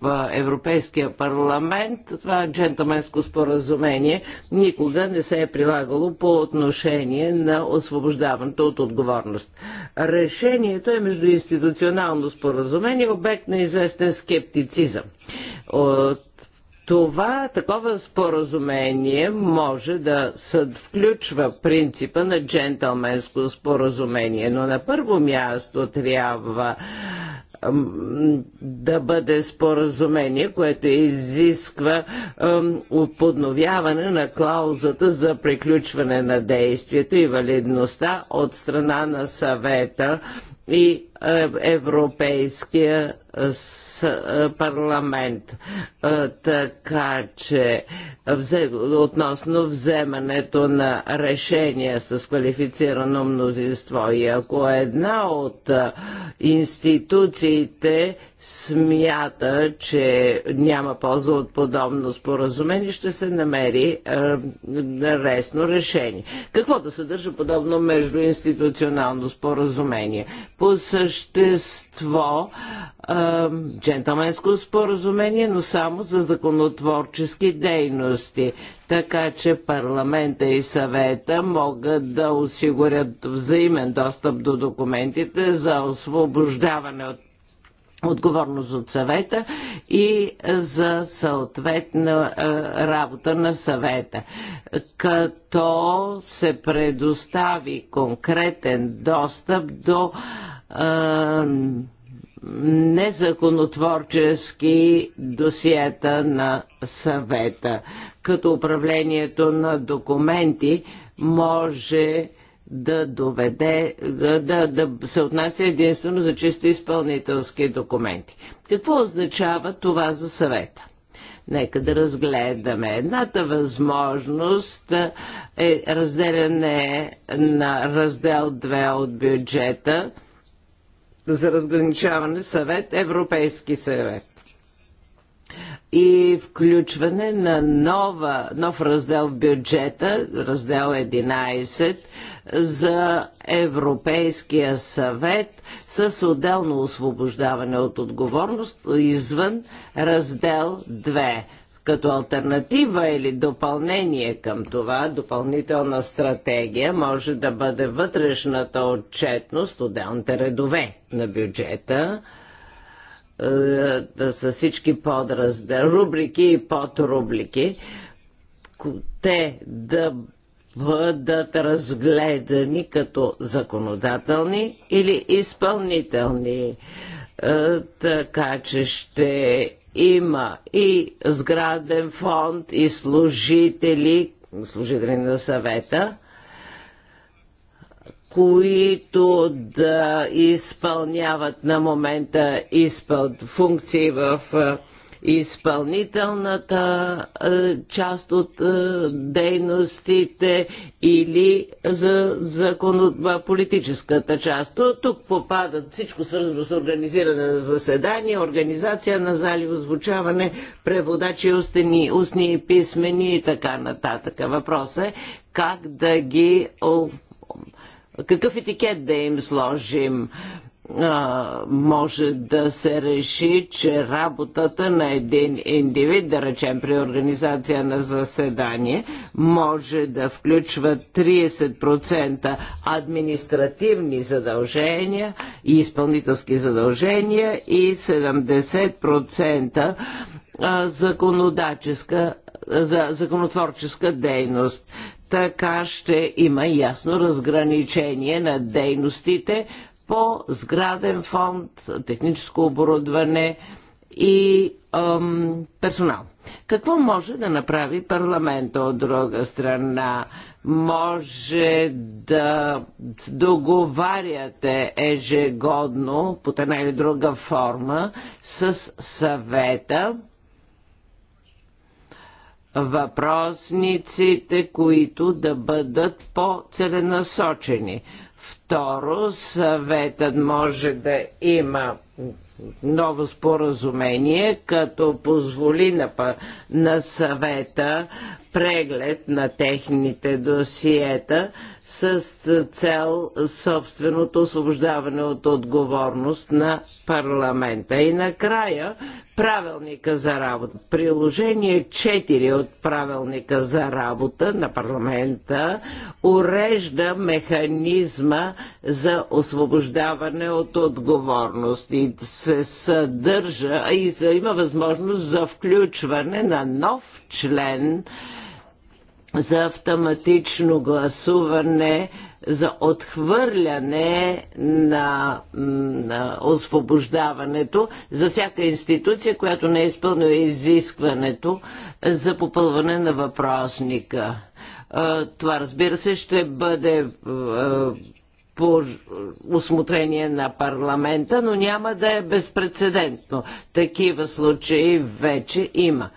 в Европейския парламент, това джентълменско споразумение никога не се е прилагало по отношение на освобождаването от отговорност. Решението е между институционално споразумение, обект на известен скептицизъм. От това такова споразумение може да съд включва принципа на джентълменско споразумение, но на първо място трябва да бъде споразумение, което изисква подновяване на клаузата за приключване на действието и валидността от страна на съвета и е, Европейския съвет. Е, парламент. Е, така че относно вземането на решения с квалифицирано мнозинство и ако една от е, институциите смята, че няма полза от подобно споразумение, ще се намери е, наресно решение. Какво да съдържа подобно междуинституционално споразумение? По същество е, джентълменско споразумение, но само за законотворчески дейности така че парламента и съвета могат да осигурят взаимен достъп до документите за освобождаване от отговорност от съвета и за съответна е, работа на съвета. Като се предостави конкретен достъп до е, незаконотворчески досиета на съвета, като управлението на документи може да доведе, да, да, да се отнася единствено за чисто изпълнителски документи. Какво означава това за съвета? Нека да разгледаме. Едната възможност е разделяне на раздел 2 от бюджета за разграничаване съвет Европейски съвет и включване на нова, нов раздел в бюджета, раздел 11, за Европейския съвет с отделно освобождаване от отговорност извън раздел 2 като альтернатива или допълнение към това, допълнителна стратегия може да бъде вътрешната отчетност, отделните редове на бюджета, да е, е, с всички подраздели, рубрики и подрубрики, те да бъдат разгледани като законодателни или изпълнителни. Е, така че ще има и сграден фонд, и служители, служители на съвета, които да изпълняват на момента изпъл... функции в изпълнителната част от дейностите или за закон... политическата част. Тук попадат всичко свързано с организиране на заседания, организация на зали, озвучаване, преводачи, устни, устни и писмени и така нататък. Въпрос е как да ги какъв етикет да им сложим може да се реши, че работата на един индивид, да речем при организация на заседание, може да включва 30% административни задължения и изпълнителски задължения и 70% законодаческа за законотворческа дейност. Така ще има ясно разграничение на дейностите по сграден фонд, техническо оборудване и ем, персонал. Какво може да направи парламента от друга страна? Може да договаряте ежегодно под една или друга форма с съвета въпросниците, които да бъдат по-целенасочени. Второ, съветът може да има ново споразумение, като позволи на, на съвета преглед на техните досиета с цел собственото освобождаване от отговорност на парламента. И накрая правилника за работа. Приложение 4 от правилника за работа на парламента урежда механизма за освобождаване от отговорност. И с се съдържа и за има възможност за включване на нов член за автоматично гласуване за отхвърляне на, на освобождаването за всяка институция, която не е изпълнила изискването за попълване на въпросника. Това, разбира се, ще бъде по усмотрение на парламента, но няма да е безпредседентно. Такива случаи вече има.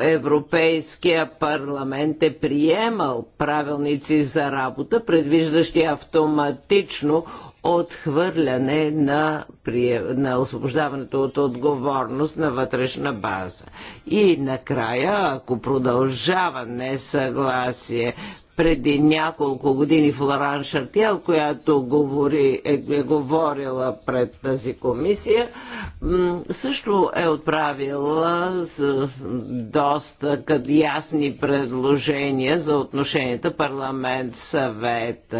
Европейския парламент е приемал правилници за работа, предвиждащи автоматично отхвърляне на, на освобождаването от отговорност на вътрешна база. И накрая, ако продължава несъгласие преди няколко години Флоран Шартиел, която говори, е, е говорила пред тази комисия, също е отправила с доста ясни предложения за отношенията парламент-съвет.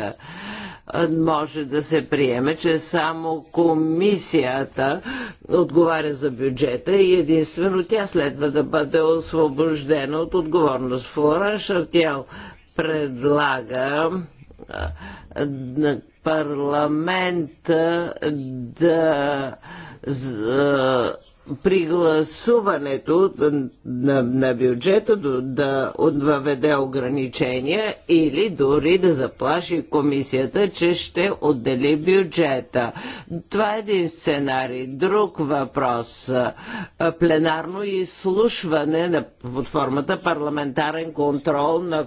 Може да се приеме, че само комисията отговаря за бюджета и единствено тя следва да бъде освобождена от отговорност. Флоран Шартиел предлага на парламента да при гласуването на, на бюджета да въведе ограничения или дори да заплаши комисията, че ще отдели бюджета. Това е един сценарий. Друг въпрос. Пленарно изслушване на, под формата парламентарен контрол на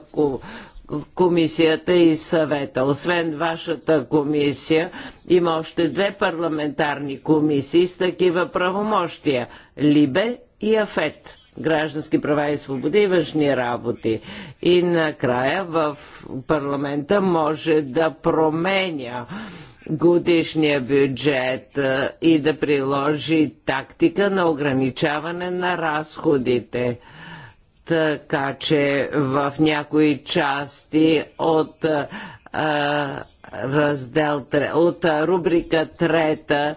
комисията и съвета. Освен вашата комисия, има още две парламентарни комисии с такива правомощия – Либе и Афет граждански права и свободи и външни работи. И накрая в парламента може да променя годишния бюджет и да приложи тактика на ограничаване на разходите. Така че в някои части от а, раздел от рубрика трета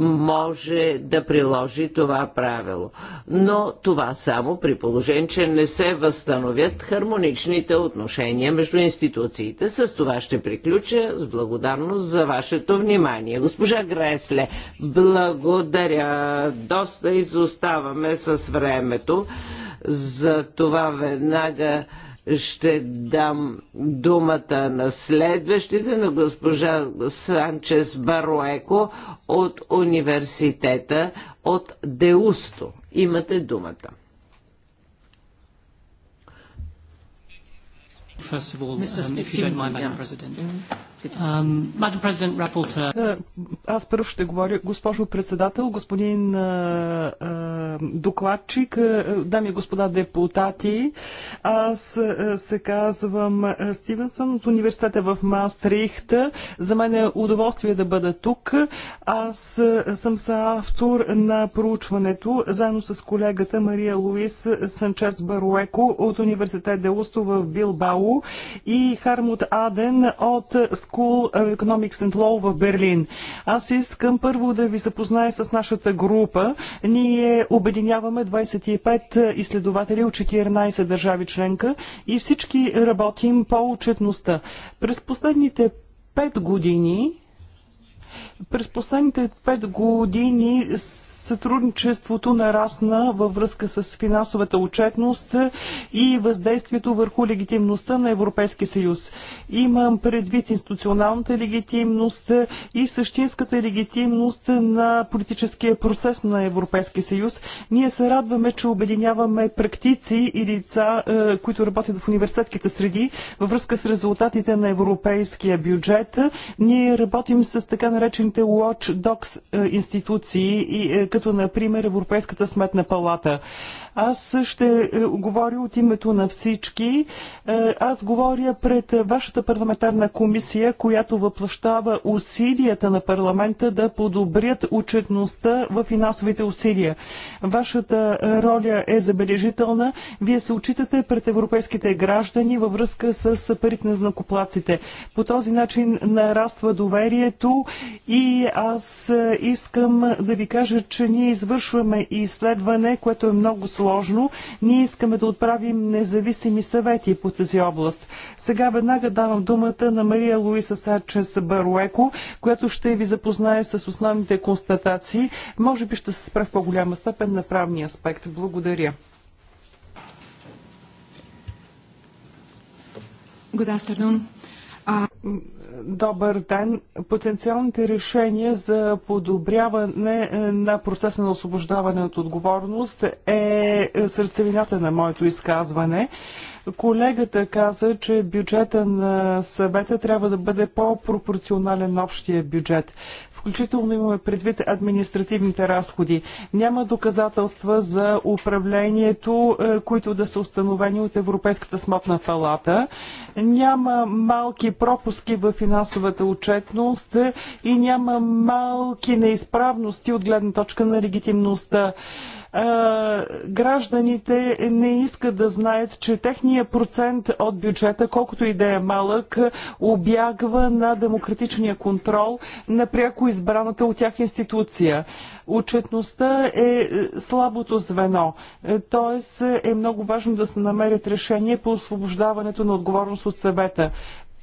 може да приложи това правило. Но това само при положение, че не се възстановят хармоничните отношения между институциите. С това ще приключа с благодарност за вашето внимание. Госпожа Гресле, благодаря. Доста изоставаме с времето. За това веднага ще дам думата на следващите на госпожа Санчес Бароеко от университета от Деусто. Имате думата. Mr. Speaker, um, if you don't mind, Madam President. Um, е, аз първо ще говоря, госпожо председател, господин е, е, докладчик, дами и господа депутати. Аз се казвам Стивенсън от университета в Мастрихт. За мен е удоволствие да бъда тук. Аз съм автор на проучването, заедно с колегата Мария Луис Санчес Баруеко от университет Делусто в Билбао и Хармут Аден от Скола School Economics and Law в Берлин. Аз искам първо да ви запозная с нашата група. Ние обединяваме 25 изследователи от 14 държави членка и всички работим по отчетността. През последните 5 години през последните 5 години Сътрудничеството нарасна във връзка с финансовата отчетност и въздействието върху легитимността на Европейския съюз. Имам предвид институционалната легитимност и същинската легитимност на политическия процес на Европейския съюз. Ние се радваме, че обединяваме практици и лица, е, които работят в университетските среди във връзка с резултатите на европейския бюджет. Ние работим с така наречените Watch Dogs е, институции, и е, като например Европейската сметна палата. Аз ще е, говоря от името на всички. Е, аз говоря пред вашата парламентарна комисия, която въплащава усилията на парламента да подобрят учетността в финансовите усилия. Вашата роля е забележителна. Вие се очитате пред европейските граждани във връзка с парите на знакоплаците. По този начин нараства доверието и аз искам да ви кажа, че ние извършваме изследване, което е много сложно сложно. Ние искаме да отправим независими съвети по тази област. Сега веднага давам думата на Мария Луиса Сачес Баруеко, която ще ви запознае с основните констатации. Може би ще се спра в по-голяма степен на правния аспект. Благодаря. Good afternoon. Добър ден. Потенциалните решения за подобряване е, на процеса на освобождаване от отговорност е сърцевината на моето изказване. Колегата каза, че бюджета на съвета трябва да бъде по-пропорционален на общия бюджет включително имаме предвид административните разходи. Няма доказателства за управлението, е, които да са установени от Европейската смотна палата. Няма малки пропуски в финансовата отчетност и няма малки неизправности от гледна точка на легитимността гражданите не искат да знаят, че техния процент от бюджета, колкото и да е малък, обягва на демократичния контрол на пряко избраната от тях институция. Отчетността е, е слабото звено, т.е. е много важно да се намерят решения по освобождаването на отговорност от съвета.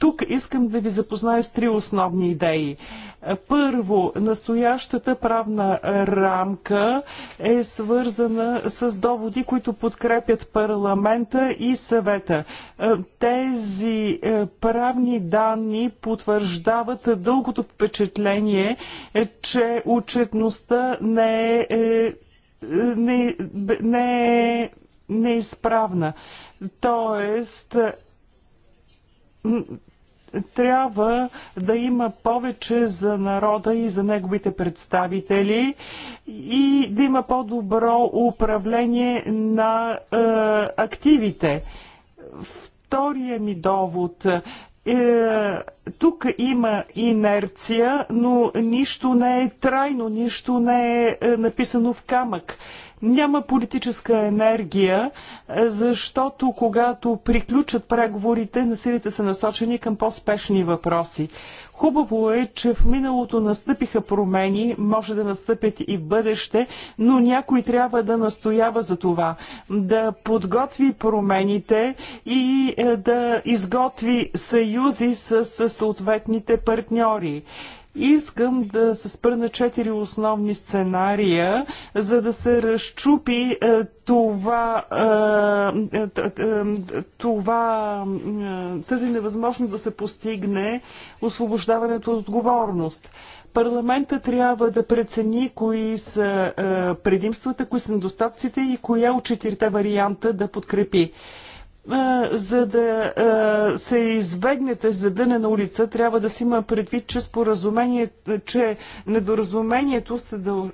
Тук искам да ви запозная с три основни идеи. Първо, настоящата правна рамка е свързана с доводи, които подкрепят парламента и съвета. Тези е, правни данни потвърждават дългото впечатление, е, че отчетността не е, е не, не е неизправна. Тоест, трябва да има повече за народа и за неговите представители и да има по-добро управление на е, активите. Втория ми довод е, тук има инерция, но нищо не е трайно, нищо не е, е написано в камък няма политическа енергия, защото когато приключат преговорите, насилите са насочени към по-спешни въпроси. Хубаво е, че в миналото настъпиха промени, може да настъпят и в бъдеще, но някой трябва да настоява за това, да подготви промените и е, да изготви съюзи с съответните партньори. Искам да се спра на четири основни сценария, за да се разчупи е, това, е, е, това, тази невъзможност да се постигне освобождаването от отговорност. Парламента трябва да прецени кои са предимствата, кои са недостатъците и коя от четирите варианта да подкрепи за да се избегнете задъне на улица, трябва да си има предвид, че споразумение, че недоразумението се, дъл...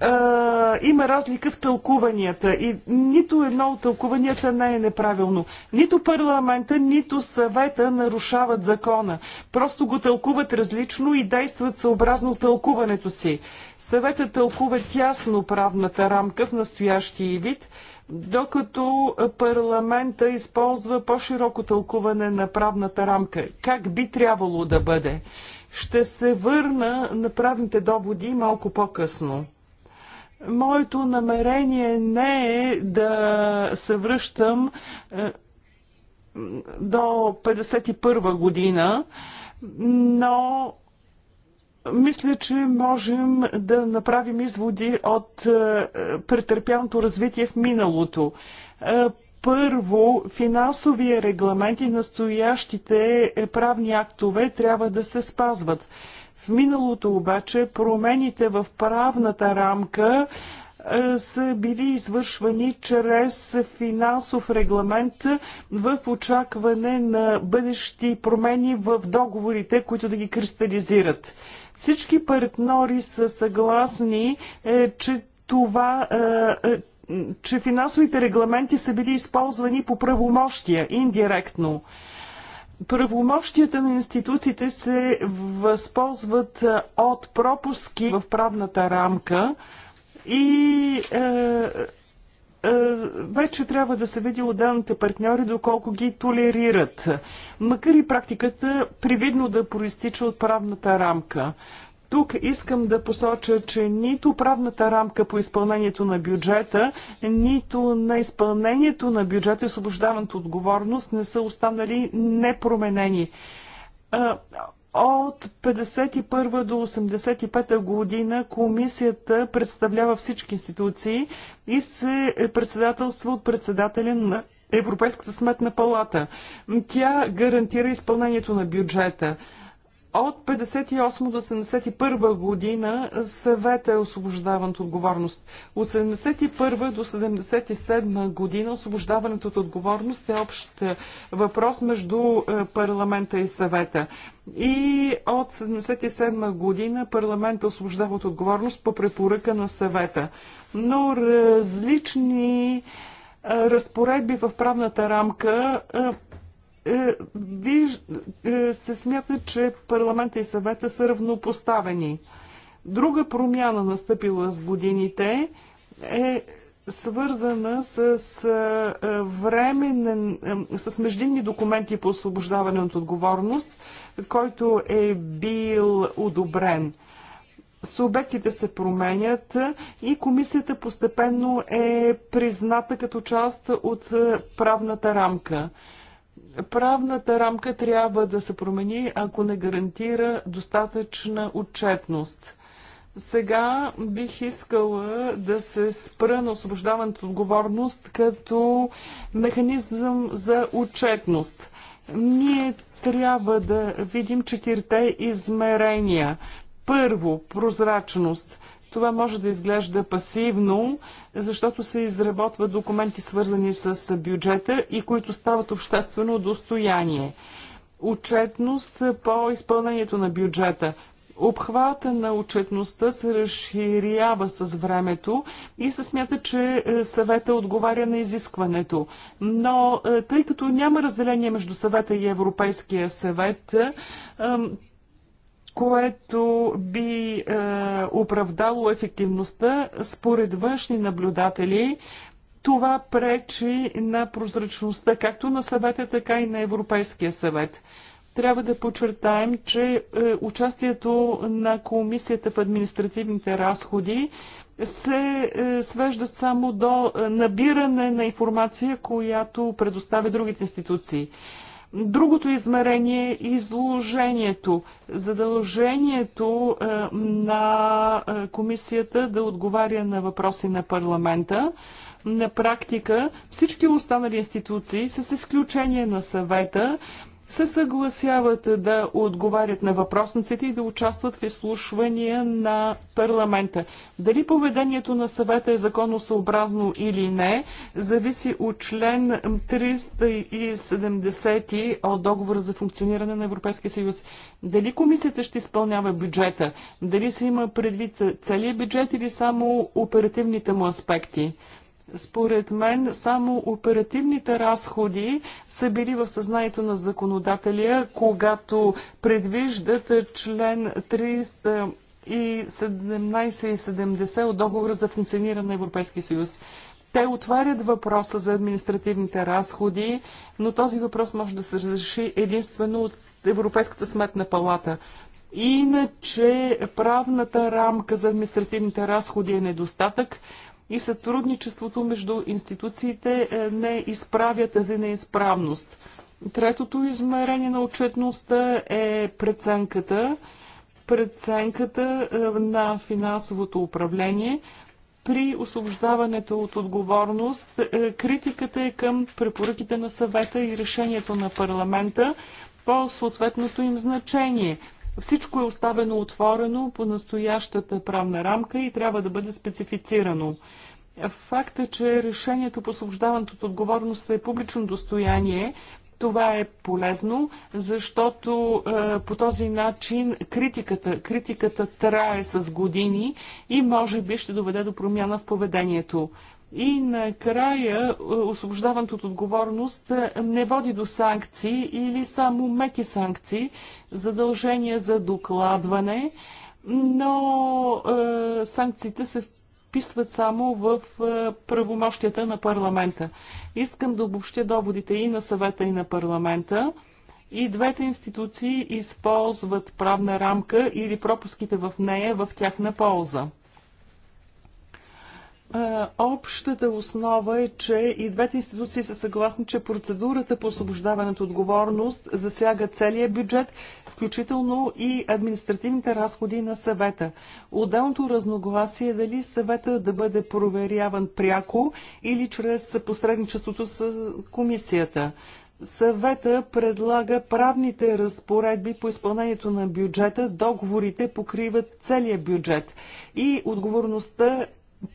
а, има разлика в тълкуванията и нито едно от тълкуванията не е неправилно. Нито парламента, нито съвета нарушават закона. Просто го тълкуват различно и действат съобразно тълкуването си. Съвета тълкува тясно правната рамка в настоящия вид, докато парламента използва по-широко тълкуване на правната рамка. Как би трябвало да бъде? Ще се върна на правните доводи малко по-късно. Моето намерение не е да се връщам е, до 51 година, но мисля, че можем да направим изводи от е, претърпяното развитие в миналото. Е, първо, финансовия регламент и настоящите правни актове трябва да се спазват. В миналото обаче промените в правната рамка е, са били извършвани чрез финансов регламент в очакване на бъдещи промени в договорите, които да ги кристализират. Всички партньори са съгласни, е, че това е, че финансовите регламенти са били използвани по правомощия, индиректно. Правомощията на институциите се възползват е, от пропуски в правната рамка и е, е, вече трябва да се види отделните партньори доколко ги толерират. Макар и практиката привидно да проистича от правната рамка. Тук искам да посоча, че нито правната рамка по изпълнението на бюджета, нито на изпълнението на бюджета и освобождаването отговорност не са останали непроменени. От 51 до 85 година комисията представлява всички институции и се председателства от председателя на Европейската сметна палата. Тя гарантира изпълнението на бюджета. От 58 до 71 година съвет е освобождаван от отговорност. От 71 до 77 година освобождаването от отговорност е общ е, въпрос между е, парламента и съвета. И от 77 година парламента освобождава от отговорност по препоръка на съвета. Но различни е, разпоредби в правната рамка е, е, се смята, че парламента и съвета са равнопоставени. Друга промяна, настъпила с годините, е свързана с, е, временен, с междинни документи по освобождаване от отговорност, който е бил одобрен. Субектите се променят и комисията постепенно е призната като част от правната рамка правната рамка трябва да се промени, ако не гарантира достатъчна отчетност. Сега бих искала да се спра на освобождаването отговорност като механизъм за отчетност. Ние трябва да видим четирите измерения. Първо, прозрачност – това може да изглежда пасивно, защото се изработват документи свързани с бюджета и които стават обществено достояние. Отчетност по изпълнението на бюджета. Обхвата на отчетността се разширява с времето и се смята, че е, съвета отговаря на изискването. Но е, тъй като няма разделение между съвета и Европейския съвет, е, което би е, оправдало ефективността според външни наблюдатели. Това пречи на прозрачността както на съвета, така и на Европейския съвет. Трябва да подчертаем, че е, участието на комисията в административните разходи се е, свеждат само до е, набиране на информация, която предоставя другите институции. Другото измерение е изложението, задължението е, на е, комисията да отговаря на въпроси на парламента. На практика всички останали институции, с изключение на съвета, се съгласяват да отговарят на въпросниците и да участват в изслушвания на парламента. Дали поведението на съвета е законосъобразно или не, зависи от член 370 от договора за функциониране на Европейския съюз. Дали комисията ще изпълнява бюджета? Дали се има предвид целият бюджет или само оперативните му аспекти? Според мен само оперативните разходи са били в съзнанието на законодателя, когато предвиждат член 317 и 17 и 70 от договора за функциониране на Европейския съюз. Те отварят въпроса за административните разходи, но този въпрос може да се разреши единствено от Европейската сметна палата. Иначе правната рамка за административните разходи е недостатък и сътрудничеството между институциите е, не изправя тази неизправност. Третото измерение на отчетността е преценката. Преценката е, на финансовото управление при освобождаването от отговорност. Е, критиката е към препоръките на съвета и решението на парламента по съответното им значение – всичко е оставено отворено по настоящата правна рамка и трябва да бъде специфицирано. Факт е, че решението по освобождаването от отговорност е публично достояние. Това е полезно, защото е, по този начин критиката, критиката трае с години и може би ще доведе до промяна в поведението. И накрая е, освобождаването от отговорност не води до санкции или само меки санкции, задължения за докладване, но е, санкциите се вписват само в е, правомощията на парламента. Искам да обобщя доводите и на съвета, и на парламента. И двете институции използват правна рамка или пропуските в нея в тяхна полза. Общата основа е, че и двете институции са съгласни, че процедурата по освобождаването отговорност засяга целия бюджет, включително и административните разходи на съвета. Отделното разногласие е дали съвета да бъде проверяван пряко или чрез посредничеството с комисията. Съвета предлага правните разпоредби по изпълнението на бюджета. Договорите покриват целия бюджет и отговорността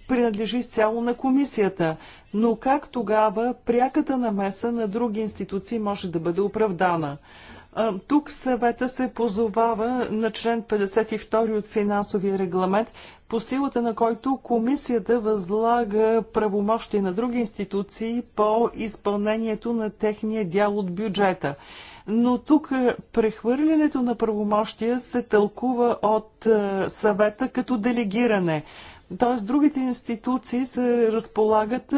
принадлежи изцяло на комисията. Но как тогава пряката намеса на други институции може да бъде оправдана? Тук съвета се позовава на член 52 от финансовия регламент, по силата на който комисията възлага правомощи на други институции по изпълнението на техния дял от бюджета. Но тук прехвърлянето на правомощия се тълкува от съвета като делегиране. Тоест, другите институции се разполагат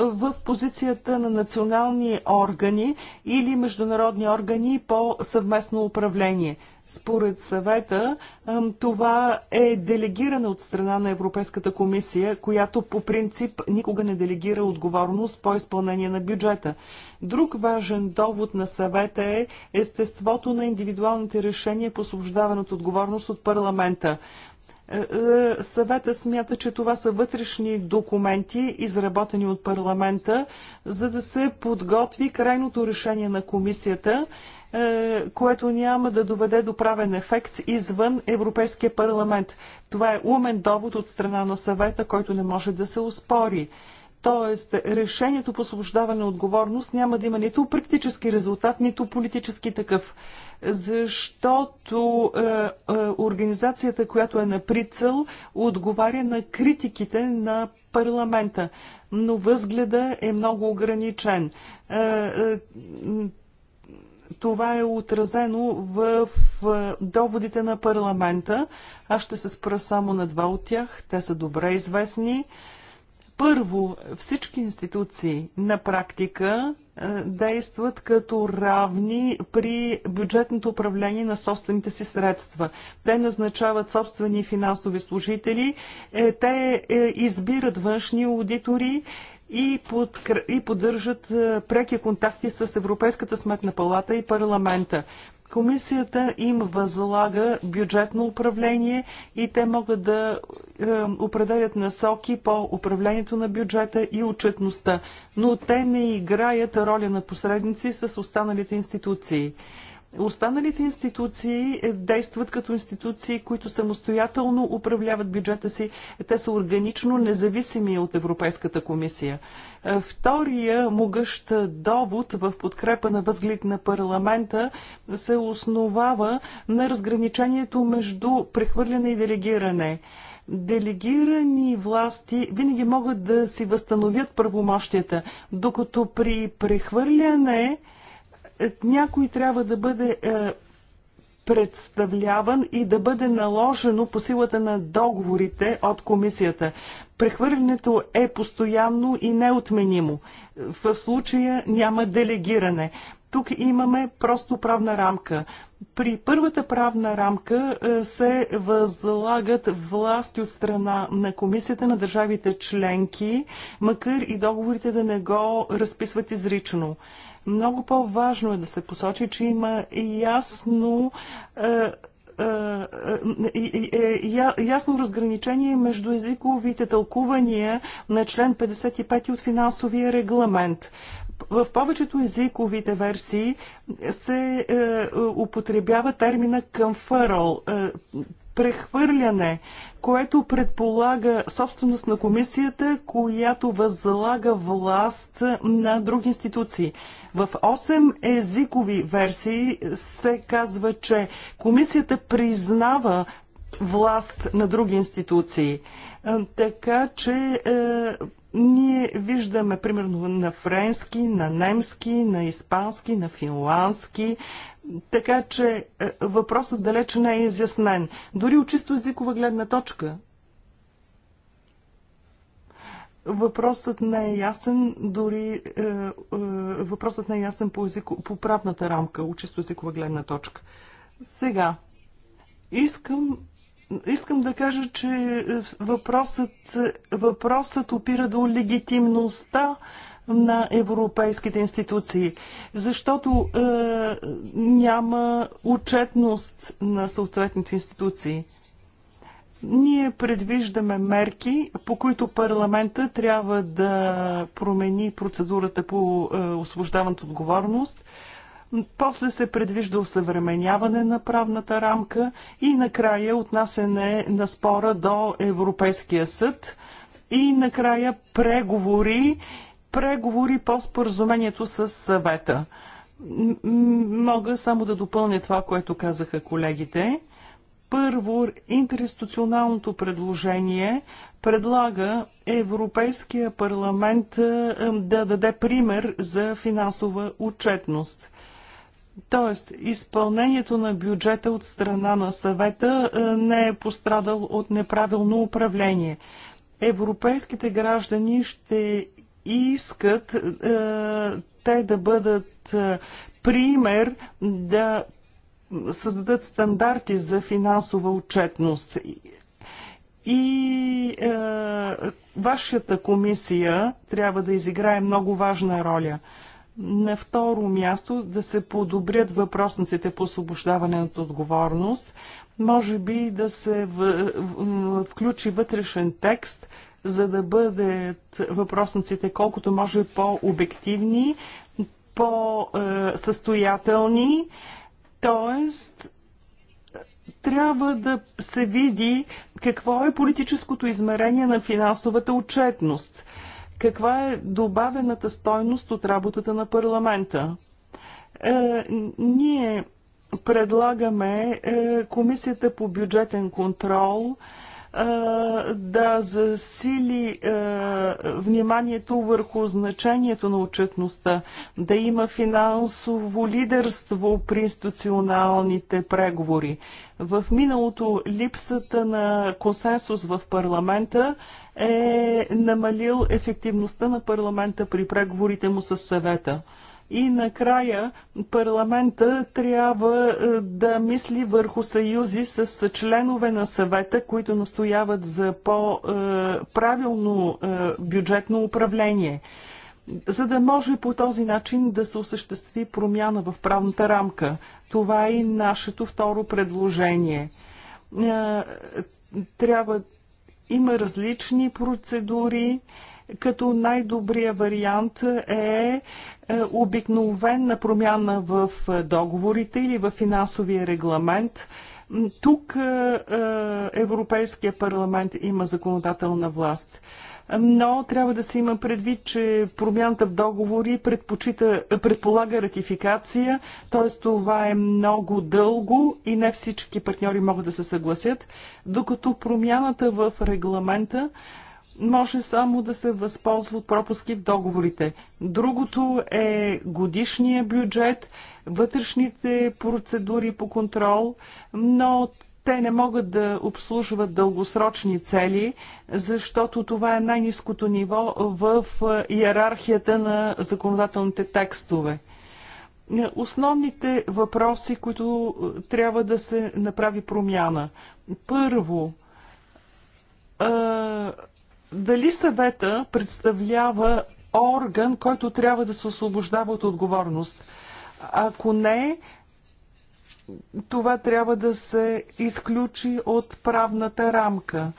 в позицията на национални органи или международни органи по съвместно управление. Според съвета това е делегирано от страна на Европейската комисия, която по принцип никога не делегира отговорност по изпълнение на бюджета. Друг важен довод на съвета е естеството на индивидуалните решения по освобождаване от отговорност от парламента. Е, е, съвета смята, че това са вътрешни документи, изработени от парламента, за да се подготви крайното решение на комисията, е, което няма да доведе до правен ефект извън Европейския парламент. Това е умен довод от страна на съвета, който не може да се успори. Тоест, решението по освобождаване отговорност няма да има нито практически резултат, нито политически такъв. Защото е, е, организацията, която е на прицел, отговаря на критиките на парламента. Но възгледа е много ограничен. Е, е, това е отразено в доводите на парламента. Аз ще се спра само на два от тях. Те са добре известни. Първо, всички институции на практика е, действат като равни при бюджетното управление на собствените си средства. Те назначават собствени финансови служители, е, те е, избират външни аудитори и, под, и поддържат преки контакти с Европейската сметна палата и парламента. Комисията им възлага бюджетно управление и те могат да е, определят насоки по управлението на бюджета и отчетността, но те не играят роля на посредници с останалите институции. Останалите институции е, действат като институции, които самостоятелно управляват бюджета си. Те са органично независими от Европейската комисия. Е, втория могъщ довод в подкрепа на възглед на парламента се основава на разграничението между прехвърляне и делегиране делегирани власти винаги могат да си възстановят правомощията, докато при прехвърляне е, някой трябва да бъде е, представляван и да бъде наложено по силата на договорите от комисията. Прехвърлянето е постоянно и неотменимо. В случая няма делегиране. Тук имаме просто правна рамка. При първата правна рамка е, се възлагат власти от страна на комисията на държавите членки, макар и договорите да не го разписват изрично. Много по-важно е да се посочи, че има ясно е, е, е, ясно разграничение между езиковите тълкувания на член 55 от финансовия регламент. В повечето езиковите версии се е, употребява термина comferral, е, прехвърляне, което предполага собственост на комисията, която възлага власт на други институции. В 8 езикови версии се казва, че комисията признава власт на други институции. Така че е, ние виждаме примерно на френски, на немски, на испански, на финландски, така че е, въпросът далеч не е изяснен. Дори от чисто езикова гледна точка. Въпросът не е ясен, дори е, е, въпросът не е ясен по, езико, по правната рамка, от чисто езикова гледна точка. Сега, искам Искам да кажа, че е, въпросът, е, въпросът опира до легитимността на европейските институции, защото е, няма отчетност на съответните институции. Ние предвиждаме мерки, по които парламента трябва да промени процедурата по е, освобождаването отговорност. После се предвижда усъвременяване на правната рамка и накрая отнасяне на спора до Европейския съд и накрая преговори преговори по споразумението с съвета. Мога само да допълня това, което казаха колегите. Първо, интерституционалното предложение предлага Европейския парламент е, да даде пример за финансова отчетност. Тоест, изпълнението на бюджета от страна на съвета е, не е пострадал от неправилно управление. Европейските граждани ще искат е, те да бъдат е, пример да създадат стандарти за финансова отчетност. И е, вашата комисия трябва да изиграе много важна роля. На второ място да се подобрят въпросниците по освобождаване от отговорност. Може би да се в, в, в, включи вътрешен текст за да бъдат въпросниците колкото може по-обективни, по-състоятелни, т.е. трябва да се види какво е политическото измерение на финансовата отчетност, каква е добавената стойност от работата на парламента. Е, ние предлагаме е, Комисията по бюджетен контрол да засили вниманието върху значението на отчетността, да има финансово лидерство при институционалните преговори. В миналото липсата на консенсус в парламента е намалил ефективността на парламента при преговорите му с съвета. И накрая парламента трябва е, да мисли върху съюзи с членове на съвета, които настояват за по-правилно е, бюджетно управление за да може по този начин да се осъществи промяна в правната рамка. Това е и нашето второ предложение. Е, трябва има различни процедури, като най-добрия вариант е, е обикновена промяна в е, договорите или в финансовия регламент. Тук е, Европейския парламент има законодателна власт но трябва да се има предвид, че промяната в договори предполага ратификация, т.е. това е много дълго и не всички партньори могат да се съгласят, докато промяната в регламента може само да се възползва от пропуски в договорите. Другото е годишния бюджет, вътрешните процедури по контрол, но те не могат да обслужват дългосрочни цели, защото това е най-низкото ниво в иерархията на законодателните текстове. Основните въпроси, които трябва да се направи промяна. Първо, дали съвета представлява орган, който трябва да се освобождава от отговорност? Ако не, това трябва да се изключи от правната рамка.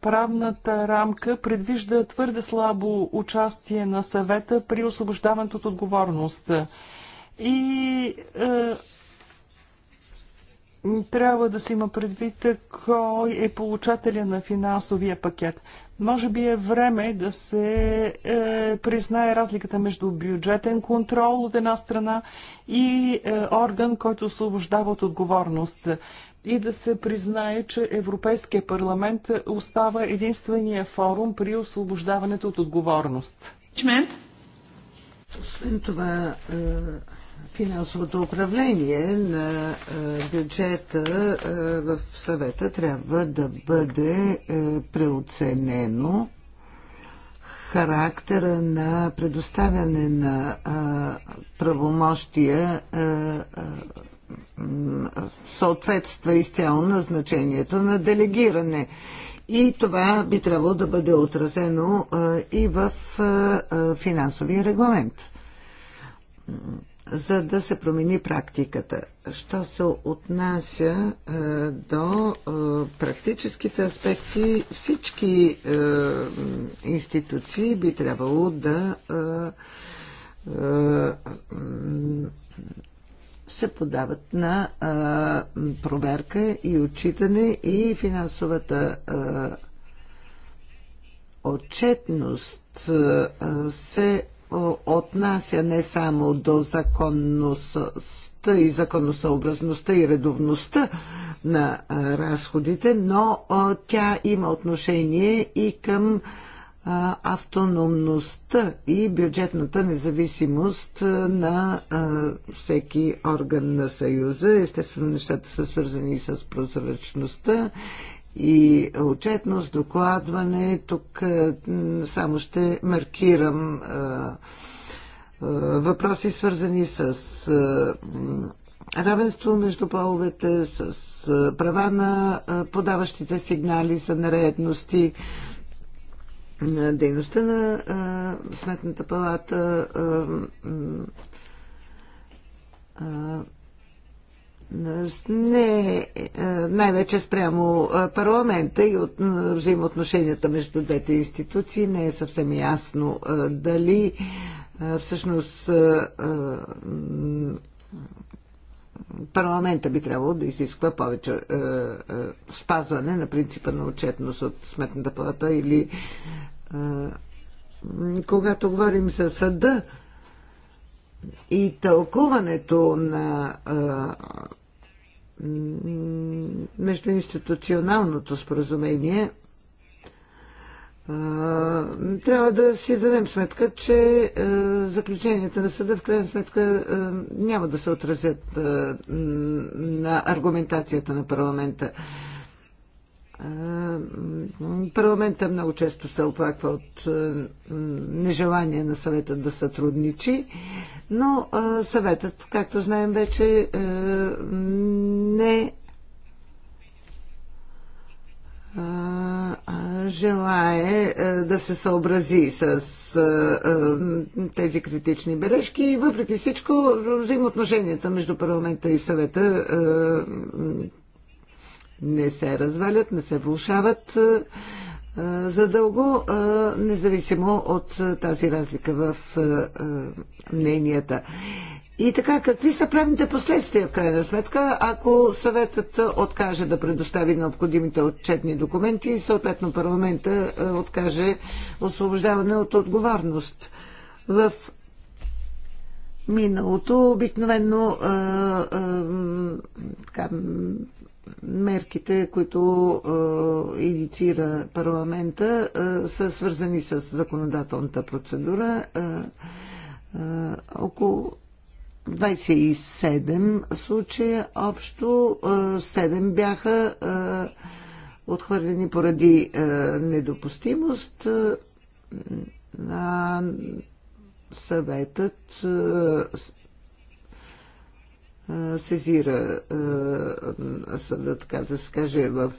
Правната рамка предвижда твърде слабо участие на съвета при освобождаването от отговорност. И е, трябва да се има предвид кой е получателя на финансовия пакет. Може би е време да се е, признае разликата между бюджетен контрол от една страна и е, орган, който освобождава от отговорност. И да се признае, че Европейския парламент остава единствения форум при освобождаването от отговорност. Освен това, е, финансовото управление на бюджета в съвета трябва да бъде преоценено характера на предоставяне на правомощия съответства изцяло на значението на делегиране. И това би трябвало да бъде отразено и в финансовия регламент за да се промени практиката. Що се отнася е, до е, практическите аспекти, всички е, институции би трябвало да е, е, се подават на е, проверка и отчитане и финансовата отчетност се отнася не само до законността и законосъобразността и редовността на разходите, но тя има отношение и към автономността и бюджетната независимост на всеки орган на Съюза. Естествено, нещата са свързани и с прозрачността и отчетност, докладване. Тук е, само ще маркирам е, е, въпроси, свързани с равенство между половете, с права на подаващите сигнали за нередности. Дейността на Сметната палата не е, най-вече спрямо е, парламента и от взаимоотношенията между двете институции не е съвсем ясно е, дали всъщност парламента би трябвало да изисква повече спазване на принципа на отчетност от Сметната палата или когато говорим за съда, и тълкуването на междуинституционалното споразумение трябва да си дадем сметка, че заключенията на съда в крайна сметка няма да се отразят на аргументацията на парламента. Е, парламента много често се оплаква от е, нежелание на съвета да сътрудничи, но е, съветът, както знаем вече, не желае да се съобрази с тези критични бележки и въпреки всичко взаимоотношенията между парламента и съвета не се развалят, не се влушават за дълго, независимо от тази разлика в мненията. И така, какви са правните последствия в крайна сметка, ако съветът откаже да предостави необходимите отчетни документи и съответно парламента откаже освобождаване от отговорност? В миналото обикновено а, а, така, мерките, които инициира парламента, са свързани с законодателната процедура. около 27 случая, общо 7 бяха отхвърлени поради недопустимост. съветът сезира съда, така да се каже, в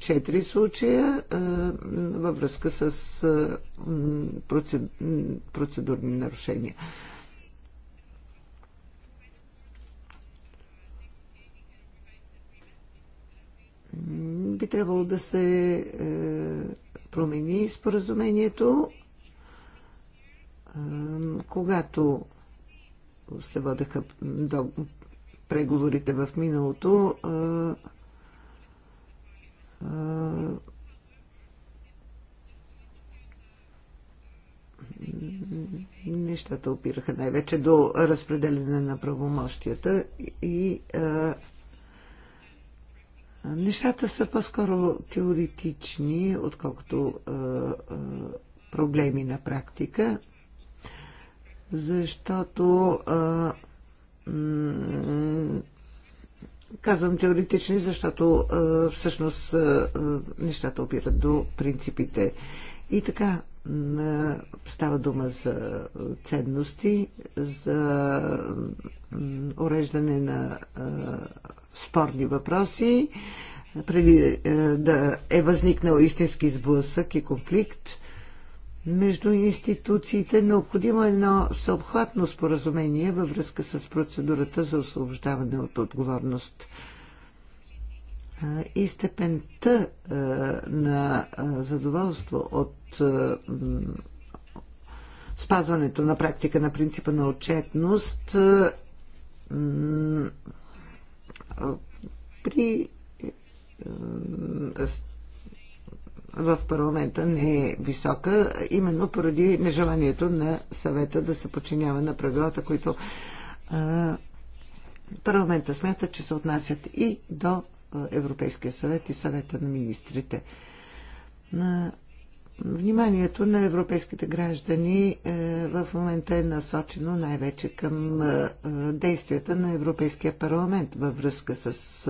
четири случая във връзка с процедурни нарушения. Би трябвало да се е, промени споразумението, когато се водеха преговорите в миналото, нещата опираха най-вече до разпределяне на правомощията и а, нещата са по-скоро теоретични, отколкото а, а, проблеми на практика, защото а, Казвам теоретични, защото всъщност нещата опират до принципите. И така, става дума за ценности, за уреждане на спорни въпроси, преди да е възникнал истински сблъсък и конфликт между институциите. Необходимо е едно съобхватно споразумение във връзка с процедурата за освобождаване от отговорност и степента на задоволство от спазването на практика на принципа на отчетност при в парламента не е висока, именно поради нежеланието на съвета да се подчинява на правилата, които а, парламента смята, че се отнасят и до Европейския съвет и съвета на министрите. На вниманието на европейските граждани е, в момента е насочено най-вече към действията на Европейския парламент във връзка с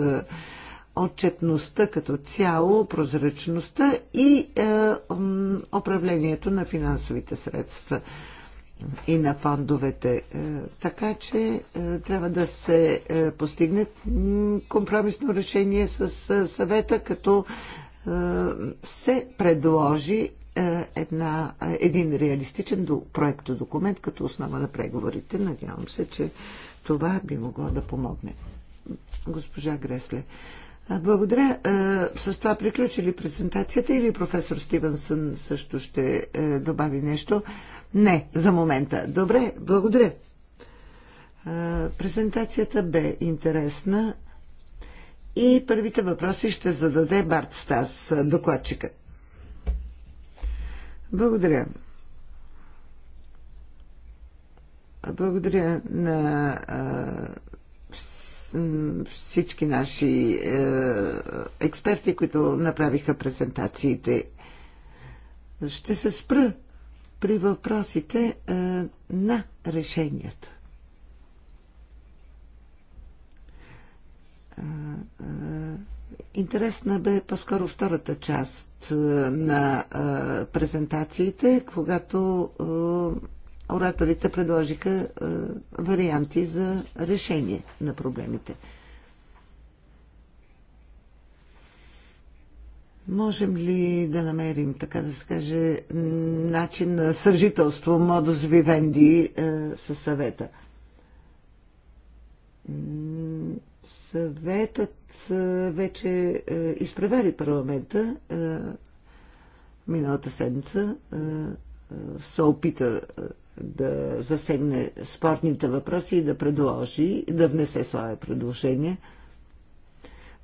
отчетността като цяло, прозрачността и е, управлението на финансовите средства и на фондовете. Е, така че е, трябва да се постигне компромисно решение с съвета, като се предложи една, един реалистичен проект документ като основа на преговорите. Надявам се, че това би могло да помогне. Госпожа Гресле, благодаря. С това приключили презентацията или професор Стивенсън също ще е, добави нещо? Не, за момента. Добре, благодаря. Презентацията бе интересна и първите въпроси ще зададе Барт Стас, докладчика. Благодаря. Благодаря на всички наши е, експерти, които направиха презентациите. Ще се спра при въпросите е, на решенията. Е, интересна бе по-скоро втората част на презентациите, когато ораторите предложиха е, варианти за решение на проблемите. Можем ли да намерим, така да се каже, начин на сържителство, модус вивенди е, със съвета? Съветът е, вече изпревари парламента миналата седмица, се опита да засегне спортните въпроси и да предложи, да внесе свое предложение.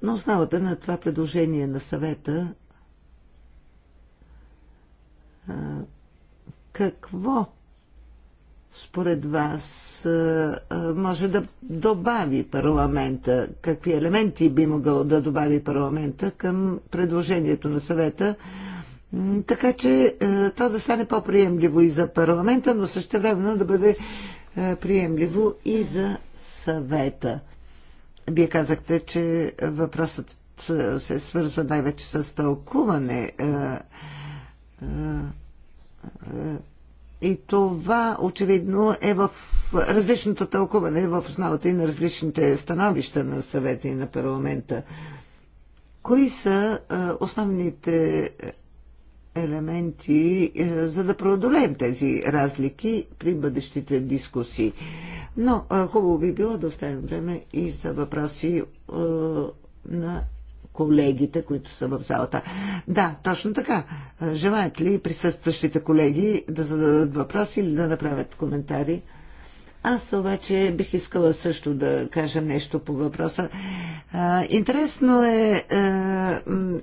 На основата на това предложение на съвета какво според вас може да добави парламента, какви елементи би могъл да добави парламента към предложението на съвета така че е, то да стане по-приемливо и за парламента, но също времено да бъде е, приемливо и за съвета. Вие казахте, че въпросът се свързва най-вече с тълкуване. Е, и това очевидно е в различното тълкуване, в основата и на различните становища на съвета и на парламента. Кои са основните елементи, е, за да преодолеем тези разлики при бъдещите дискусии. Но е, хубаво би било да оставим време и за въпроси е, на колегите, които са в залата. Да, точно така. Желаят ли присъстващите колеги да зададат въпроси или да направят коментари? Аз обаче бих искала също да кажа нещо по въпроса. Интересно е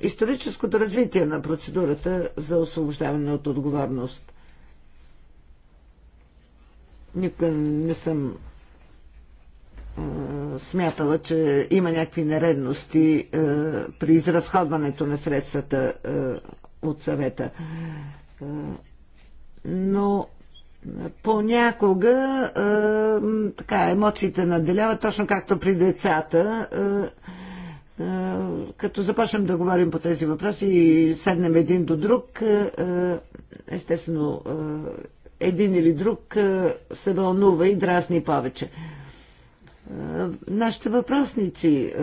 историческото развитие на процедурата за освобождаване от отговорност. Никога не съм смятала, че има някакви нередности при изразходването на средствата от съвета. Но понякога е, така, емоциите наделяват, точно както при децата. Е, е, като започнем да говорим по тези въпроси и седнем един до друг, е, естествено, е, един или друг е, се вълнува и дразни повече. Нашите въпросници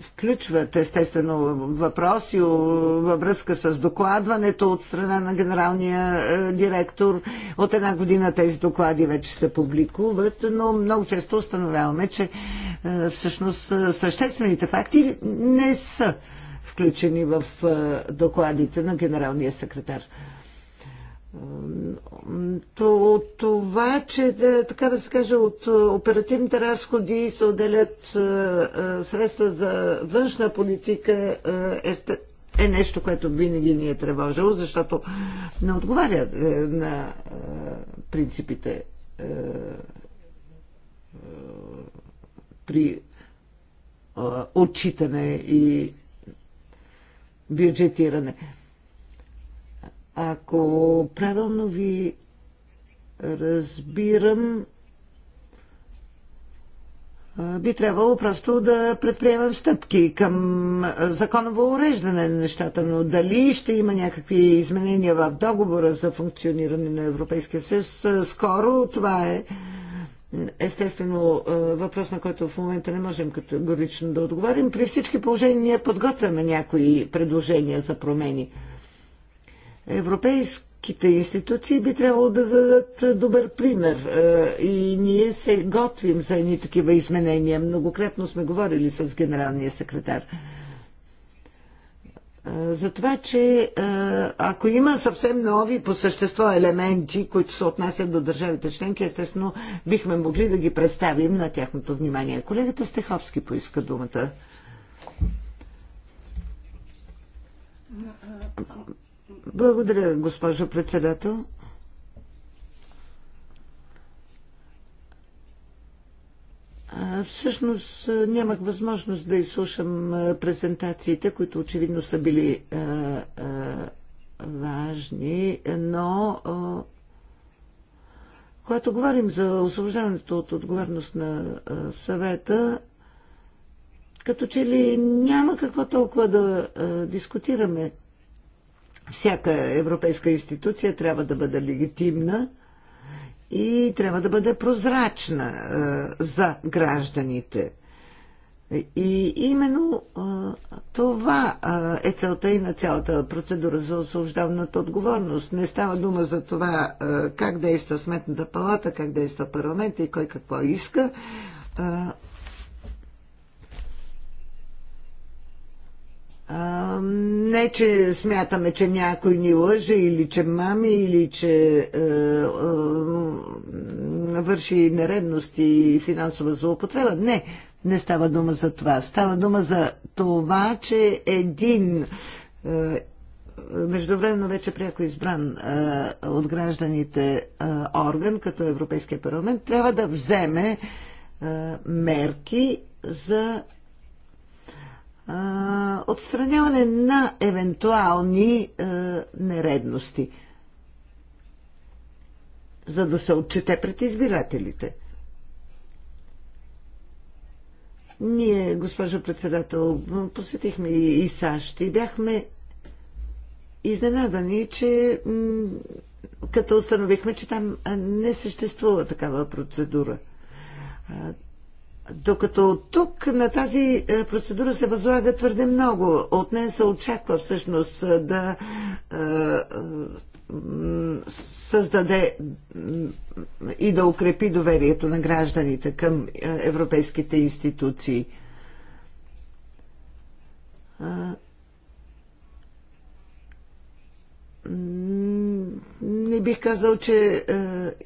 включват естествено въпроси във връзка с докладването от страна на генералния е, директор. От една година тези доклади вече се публикуват, но много често установяваме, че е, всъщност е, съществените факти не са включени в докладите на генералния секретар. То, това, че да, така да се каже, от е, оперативните разходи се отделят е, е, средства за външна политика е, е нещо, което винаги ни е тревожило, защото не отговаря на принципите при отчитане и бюджетиране. Ако правилно ви разбирам, би трябвало просто да предприемем стъпки към законово уреждане на нещата, но дали ще има някакви изменения в договора за функциониране на Европейския съюз, скоро това е естествено въпрос, на който в момента не можем категорично да отговорим. При всички положения ние подготвяме някои предложения за промени. Европейските институции би трябвало да дадат добър пример е, и ние се готвим за едни такива изменения. Многократно сме говорили с генералния секретар е, за това, че е, ако има съвсем нови по същество елементи, които се отнасят до държавите членки, естествено бихме могли да ги представим на тяхното внимание. Колегата Стеховски поиска думата. Благодаря, госпожо председател. Всъщност нямах възможност да изслушам презентациите, които очевидно са били важни, но когато говорим за освобождаването от отговорност на съвета, като че ли няма какво толкова да дискутираме всяка европейска институция трябва да бъде легитимна и трябва да бъде прозрачна е, за гражданите. И именно е, това е, е целта и на цялата процедура за освобождаване отговорност. Не става дума за това как действа Сметната палата, как действа парламента и кой какво иска. не, че смятаме, че някой ни лъже или че мами, или че е, е, върши нередности и финансова злоупотреба. Не, не става дума за това. Става дума за това, че един е, междувременно вече пряко избран от гражданите орган, като Европейския парламент, трябва да вземе мерки за отстраняване на евентуални е, нередности, за да се отчете пред избирателите. Ние, госпожо председател, посетихме и САЩ и бяхме изненадани, че като установихме, че там не съществува такава процедура. Докато тук на тази е, процедура се възлага твърде много. От нея се очаква всъщност е, да е, създаде и да укрепи доверието на гражданите към европейските институции. не бих казал, че е,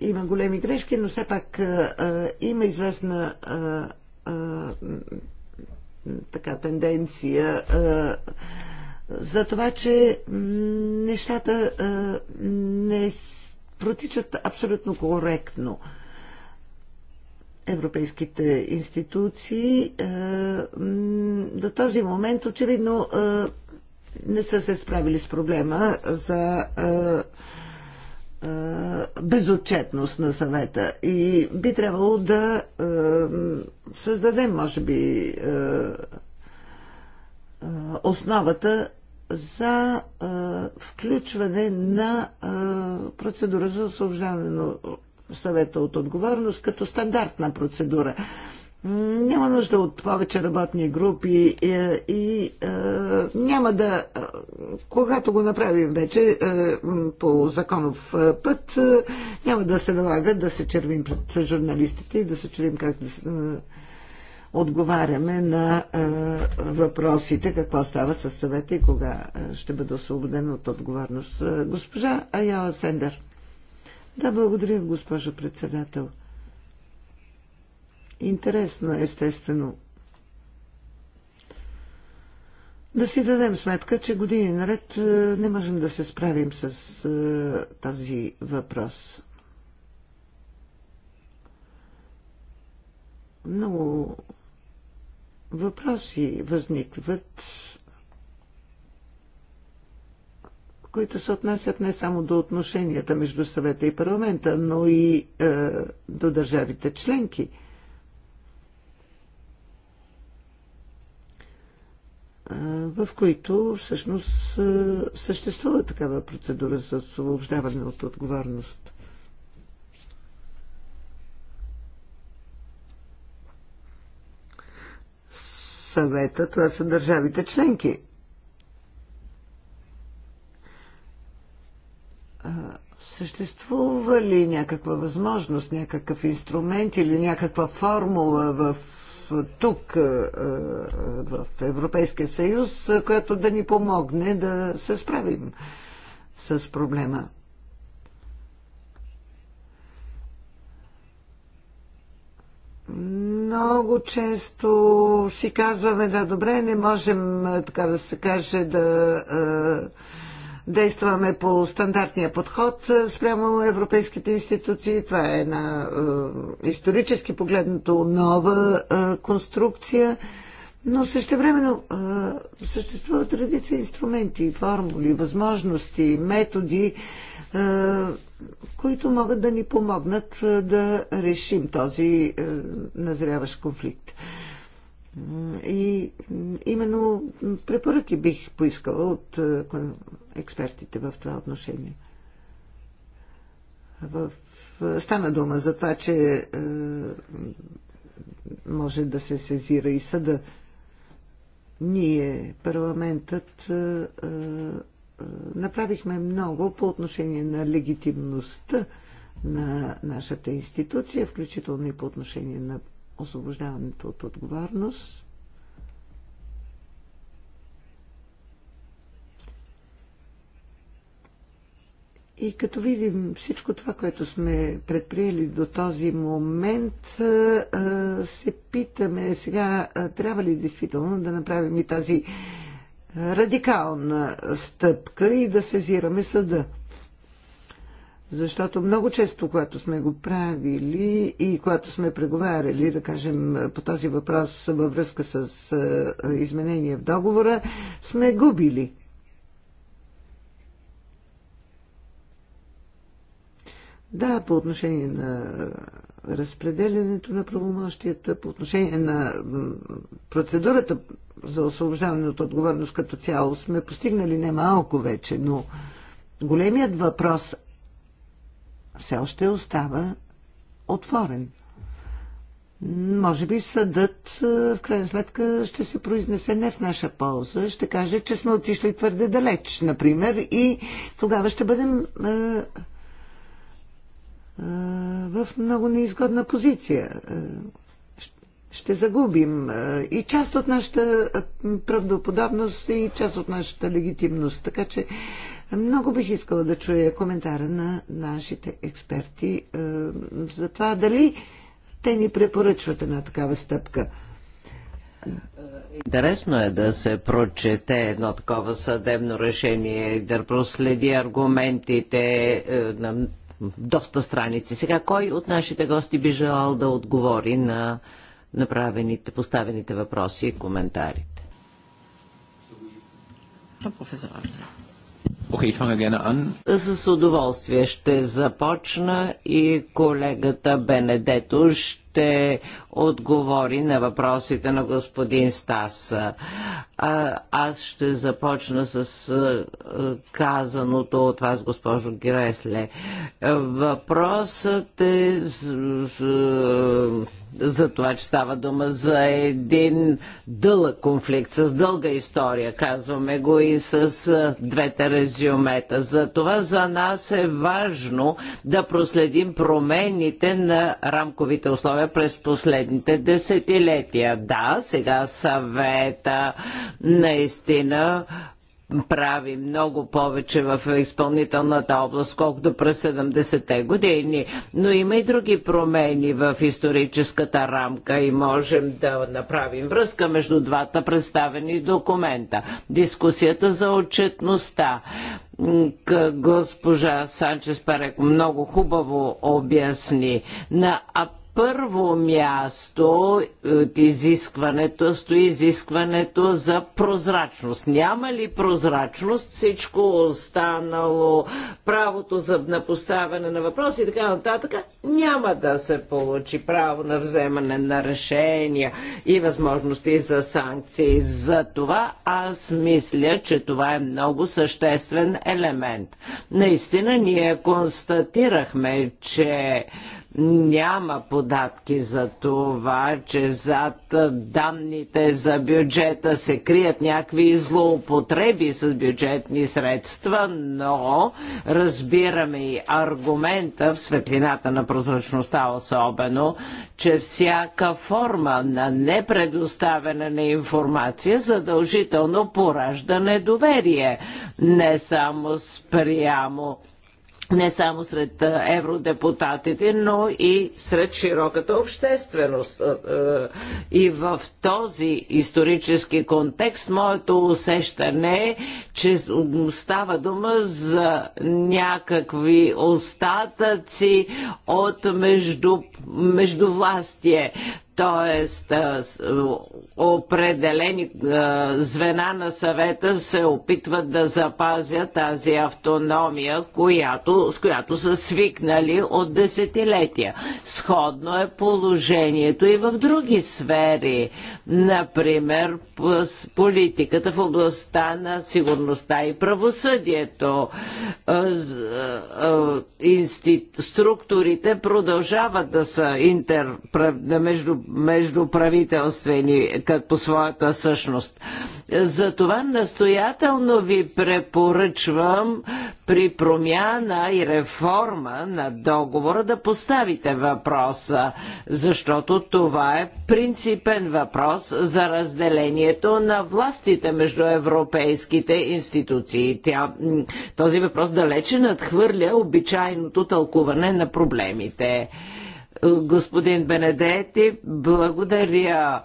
има големи грешки, но все пак е, е, има известна е, е, така тенденция е, за това, че нещата е, не протичат абсолютно коректно. Европейските институции е, до този момент очевидно е, не са се справили с проблема за безотчетност на съвета. И би трябвало да създадем, може би, основата за а, включване на а, процедура за освобождаване на съвета от отговорност като стандартна процедура няма нужда от повече работни групи и, е, и е, няма да. Е, когато го направим вече е, по законов път, няма да се налага да се червим пред журналистите и да се червим как да. отговаряме на въпросите какво става с съвета и кога ще бъде освободен от отговорност. Госпожа Аяла Сендер. Да, благодаря, госпожо председател интересно, е, естествено. Да си дадем сметка, че години наред е, не можем да се справим с е, този въпрос. Много въпроси възникват, които се отнасят не само до отношенията между съвета и парламента, но и е, до държавите членки – в които всъщност съществува такава процедура за освобождаване от отговорност. Съвета, това са държавите членки. Съществува ли някаква възможност, някакъв инструмент или някаква формула в тук, е, е, в Европейския съюз, която да ни помогне да се справим с проблема. Много често си казваме, да, добре, не можем, е, така да се каже, да действаме по стандартния подход е, спрямо европейските институции. Това е една е, исторически погледнато нова е, конструкция, но същевременно е, съществуват редица инструменти, формули, възможности, методи, е, които могат да ни помогнат е, да решим този е, назряващ конфликт. И именно препоръки бих поискала от е, експертите в това отношение. В... Стана дума за това, че е, може да се сезира и съда. Ние, парламентът, е, е, направихме много по отношение на легитимността на нашата институция, включително и по отношение на освобождаването от отговорност И като видим всичко това, което сме предприели до този момент, се питаме сега, трябва ли действително да направим и тази радикална стъпка и да сезираме съда. Защото много често, когато сме го правили и когато сме преговаряли, да кажем, по този въпрос във връзка с изменение в договора, сме губили Да, по отношение на разпределянето на правомощията, по отношение на процедурата за освобождаване от отговорност като цяло сме постигнали немалко вече, но големият въпрос все още остава отворен. Може би съдът е, в крайна сметка ще се произнесе не в наша полза, ще каже, че сме отишли твърде далеч, например, и тогава ще бъдем е, в много неизгодна позиция. Ще загубим и част от нашата правдоподобност, и част от нашата легитимност. Така че много бих искала да чуя коментара на нашите експерти за това дали те ни препоръчват една такава стъпка. Интересно е да се прочете едно такова съдебно решение, да проследи аргументите е, на доста страници. Сега, кой от нашите гости би желал да отговори на направените, поставените въпроси и коментарите? професор Авдеев. Okay, ich fange gerne an. С удоволствие ще започна и колегата Бенедето ще отговори на въпросите на господин Стас. А, аз ще започна с а, казаното от вас, госпожо Гресле. Въпросът е... С, с, за това, че става дума за един дълъг конфликт, с дълга история, казваме го и с двете резюмета. За това за нас е важно да проследим промените на рамковите условия през последните десетилетия. Да, сега съвета наистина прави много повече в изпълнителната област, колкото през 70-те години. Но има и други промени в историческата рамка и можем да направим връзка между двата представени документа. Дискусията за отчетността госпожа Санчес Парек много хубаво обясни. На първо място е, от изискването, стои изискването за прозрачност. Няма ли прозрачност, всичко останало, правото за напоставяне на въпроси и така нататък, няма да се получи право на вземане на решения и възможности за санкции. За това аз мисля, че това е много съществен елемент. Наистина ние констатирахме, че няма податки за това, че зад данните за бюджета се крият някакви злоупотреби с бюджетни средства, но разбираме и аргумента в светлината на прозрачността особено, че всяка форма на непредоставяне на информация задължително поражда недоверие. Не само спрямо не само сред евродепутатите, но и сред широката общественост. И в този исторически контекст моето усещане е, че става дума за някакви остатъци от между, междувластие. Т.е. определени звена на съвета се опитват да запазят тази автономия, която, с която са свикнали от десетилетия. Сходно е положението и в други сфери, например политиката в областта на сигурността и правосъдието. Структурите продължават да са интер, между междуправителствени като по своята същност. Затова настоятелно ви препоръчвам при промяна и реформа на договора да поставите въпроса, защото това е принципен въпрос за разделението на властите между европейските институции. Тя, този въпрос далече надхвърля обичайното тълкуване на проблемите. Господин Бенедети, благодаря.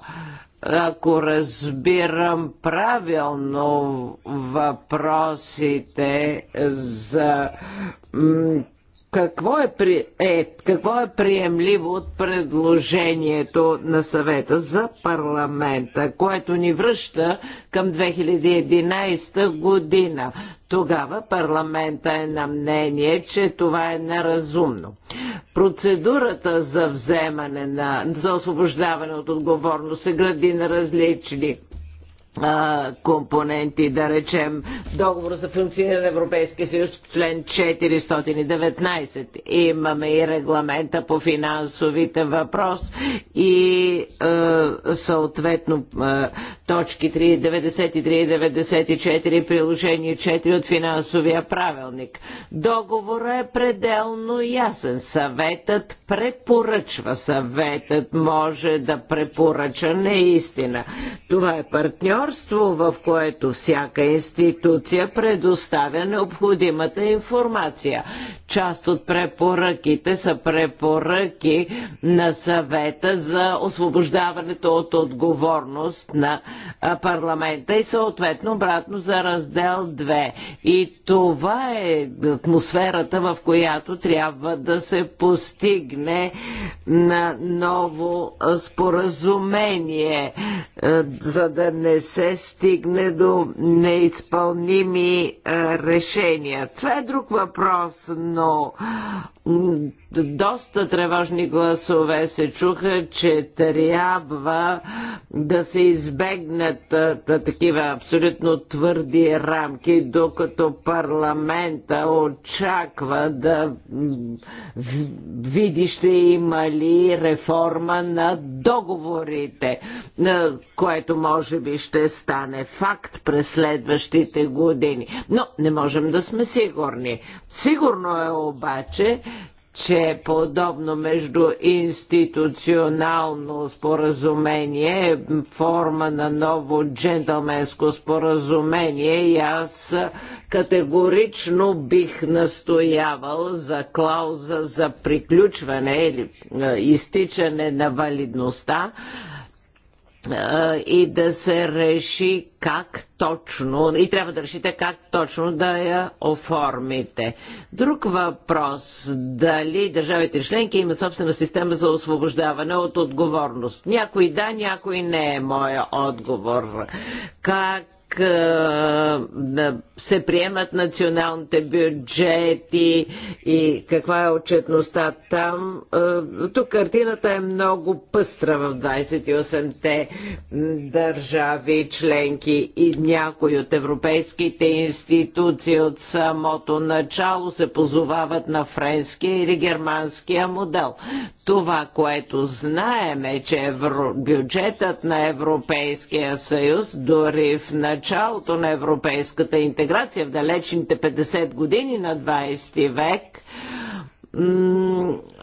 Ако разбирам правилно въпросите за какво е, при, е, какво е приемливо от предложението на съвета за парламента, което ни връща към 2011 година. Тогава парламента е на мнение, че това е неразумно. Процедурата за вземане на, за освобождаване от отговорност се гради на различни компоненти, да речем договор за функциониране на Европейския съюз, член 419. Имаме и регламента по финансовите въпрос и е, съответно е, точки 3, и 94, приложение 4 от финансовия правилник. Договорът е пределно ясен. Съветът препоръчва. Съветът може да препоръча неистина. Това е партньор партньорство, в което всяка институция предоставя необходимата информация. Част от препоръките са препоръки на съвета за освобождаването от отговорност на парламента и съответно обратно за раздел 2. И това е атмосферата, в която трябва да се постигне на ново споразумение, за да не се стигне до неизпълними решения. Това е друг въпрос, но доста тревожни гласове се чуха, че трябва да се избегнат а, такива абсолютно твърди рамки, докато парламента очаква да види ще има ли реформа на договорите, което може би ще стане факт през следващите години. Но не можем да сме сигурни. Сигурно е обаче, че подобно между институционално споразумение е форма на ново джентълменско споразумение и аз категорично бих настоявал за клауза за приключване или е, изтичане на валидността и да се реши как точно, и трябва да решите как точно да я оформите. Друг въпрос, дали държавите членки имат собствена система за освобождаване от отговорност? Някой да, някой не е моя отговор. Как да се приемат националните бюджети и каква е отчетността там. Тук картината е много пъстра в 28-те държави членки и някои от европейските институции от самото начало се позовават на френския или германския модел. Това, което знаем е, че евро... бюджетът на Европейския съюз дори в началото началото на европейската интеграция в далечните 50 години на 20 век,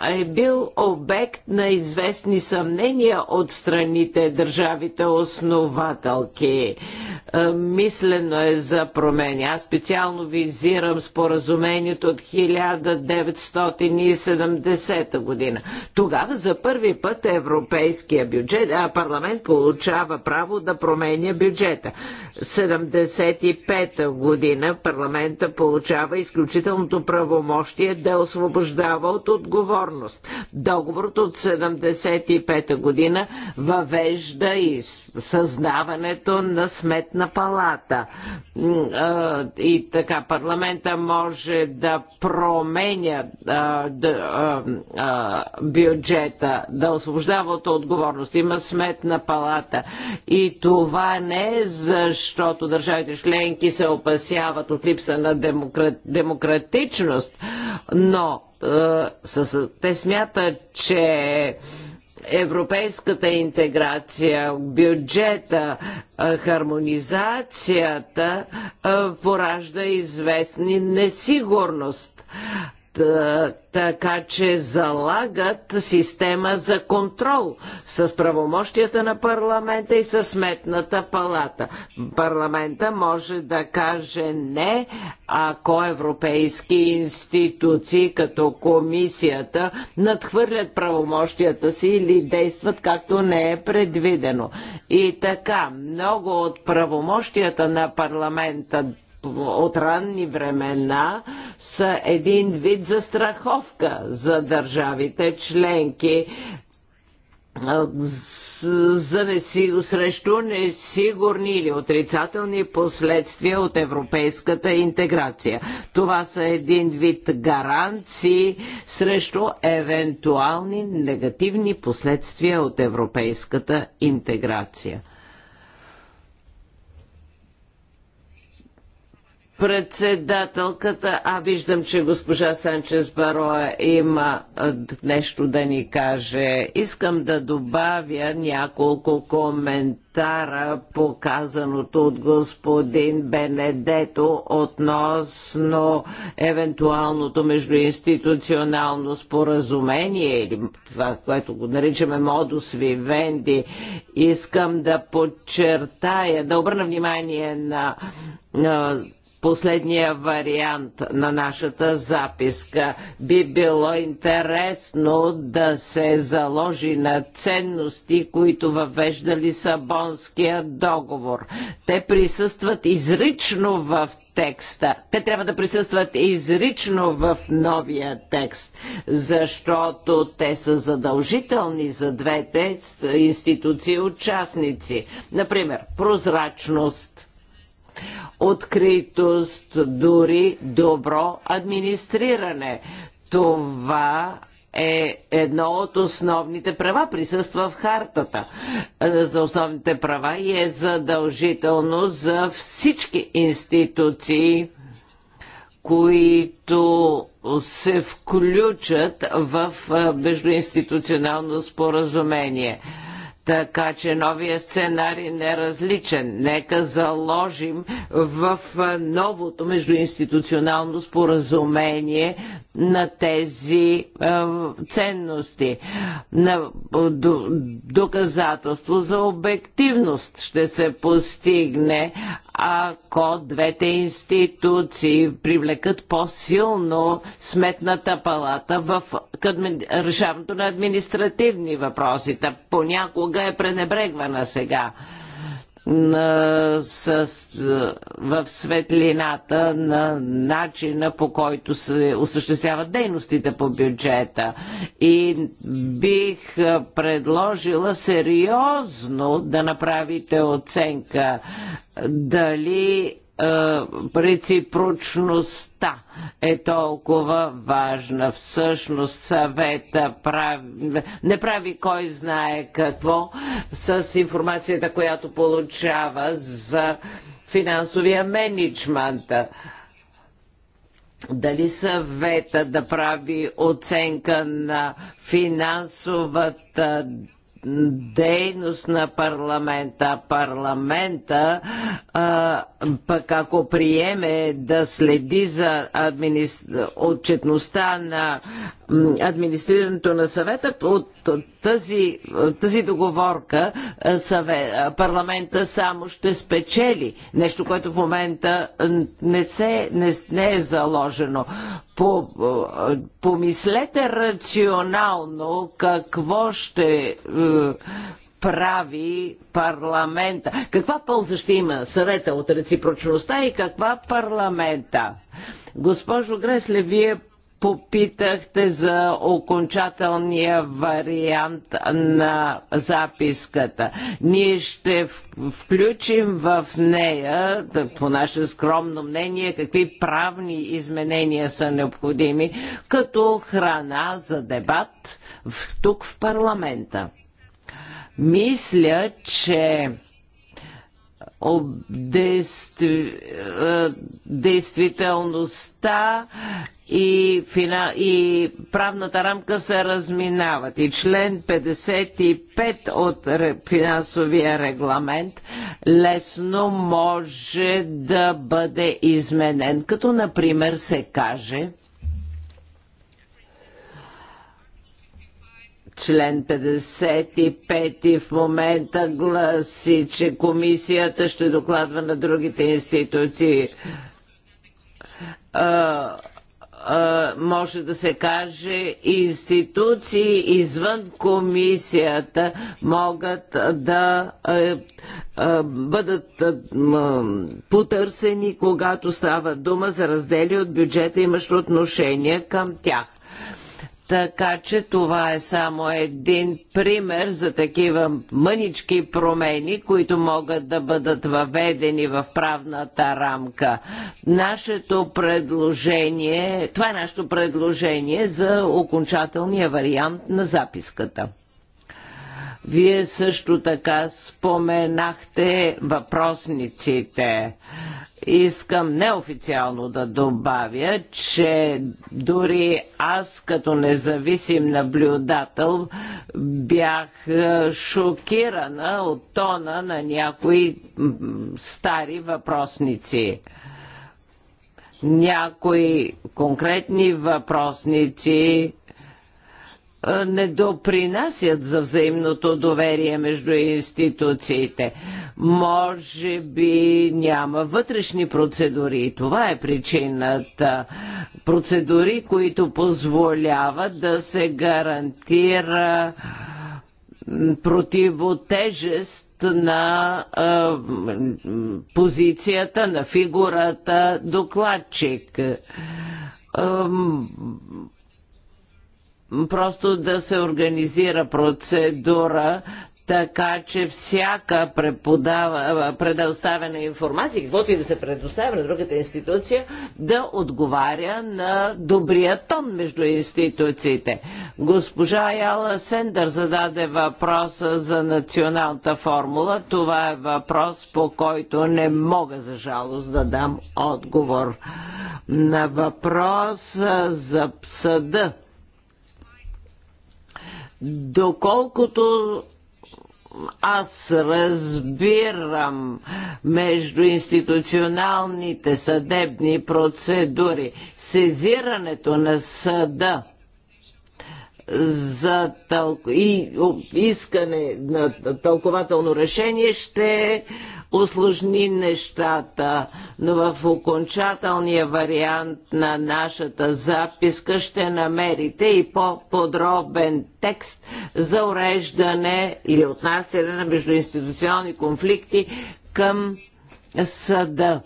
е бил обект на известни съмнения от страните, държавите основателки. Е, мислено е за промени. Аз специално визирам споразумението от 1970 година. Тогава за първи път Европейския бюджет, а парламент получава право да променя бюджета. 75 година парламента получава изключителното правомощие да освобождава освобождава от отговорност. Договорът от 75-та година въвежда и съзнаването на сметна палата. И така, парламента може да променя бюджета, да освобождава от отговорност. Има сметна палата. И това не е защото държавите членки се опасяват от липса на демократичност, но те смятат, че европейската интеграция, бюджета, хармонизацията поражда известни несигурност. Е, така че залагат система за контрол с правомощията на парламента и с сметната палата. Парламента може да каже не, ако европейски институции като комисията надхвърлят правомощията си или действат както не е предвидено. И така, много от правомощията на парламента от ранни времена са един вид застраховка за държавите членки за неси, срещу несигурни или отрицателни последствия от европейската интеграция. Това са един вид гаранции срещу евентуални негативни последствия от европейската интеграция. председателката, а виждам, че госпожа Санчес Бароя има нещо да ни каже. Искам да добавя няколко коментара по казаното от господин Бенедето относно евентуалното междуинституционално споразумение или това, което го наричаме модус вивенди. Искам да подчертая, да обърна внимание на, на последния вариант на нашата записка. Би било интересно да се заложи на ценности, които въвежда Лисабонския договор. Те присъстват изрично в текста. Те трябва да присъстват изрично в новия текст, защото те са задължителни за двете институции участници. Например, прозрачност – откритост, дори добро администриране. Това е едно от основните права, присъства в хартата за основните права и е задължително за всички институции, които се включат в междуинституционално споразумение. Така че новия сценарий не е различен. Нека заложим в новото междуинституционално споразумение на тези е, ценности, на доказателство за обективност ще се постигне, ако двете институции привлекат по-силно сметната палата в решаването на административни въпроси. Понякога е пренебрегвана сега с, в светлината на начина по който се осъществяват дейностите по бюджета. И бих предложила сериозно да направите оценка дали е, реципрочността е толкова важна. Всъщност съвета прави, не прави кой знае какво с информацията, която получава за финансовия менеджмент дали съвета да прави оценка на финансовата дейност на парламента. Парламента, а, пък ако приеме да следи за админи... отчетността на администрирането на съвета от тази, тази договорка е, съвет, е, парламента само ще спечели. Нещо, което в момента е, не, се, не, не е заложено. помислете рационално какво ще прави парламента. Каква полза ще има съвета от реципрочността и каква парламента? Госпожо Гресле, вие Попитахте за окончателния вариант на записката. Ние ще включим в нея, по наше скромно мнение, какви правни изменения са необходими, като храна за дебат тук в парламента. Мисля, че действителността и, фина, и правната рамка се разминават. И член 55 от финансовия регламент лесно може да бъде изменен. Като, например, се каже, Член 55 в момента гласи, че комисията ще докладва на другите институции. А, а, може да се каже, институции извън комисията могат да а, бъдат потърсени, когато става дума за раздели от бюджета, имащо отношение към тях. Така че това е само един пример за такива мънички промени, които могат да бъдат въведени в правната рамка. Нашето предложение, това е нашето предложение за окончателния вариант на записката. Вие също така споменахте въпросниците. Искам неофициално да добавя, че дори аз като независим наблюдател бях е, шокирана от тона на някои стари въпросници някои конкретни въпросници не допринасят за взаимното доверие между институциите. Може би няма вътрешни процедури. Това е причината. Процедури, които позволяват да се гарантира противотежест на а, позицията, на фигурата докладчик просто да се организира процедура, така че всяка предоставена информация, каквото и да се предоставя на другата институция, да отговаря на добрия тон между институциите. Госпожа Яла Сендър зададе въпроса за националната формула. Това е въпрос, по който не мога за жалост да дам отговор. На въпрос за съда Доколкото аз разбирам между институционалните съдебни процедури, сезирането на съда – за тъл... и искане на тълкователно решение ще усложни нещата, но в окончателния вариант на нашата записка ще намерите и по-подробен текст за уреждане или отнасяне на междуинституционални конфликти към съда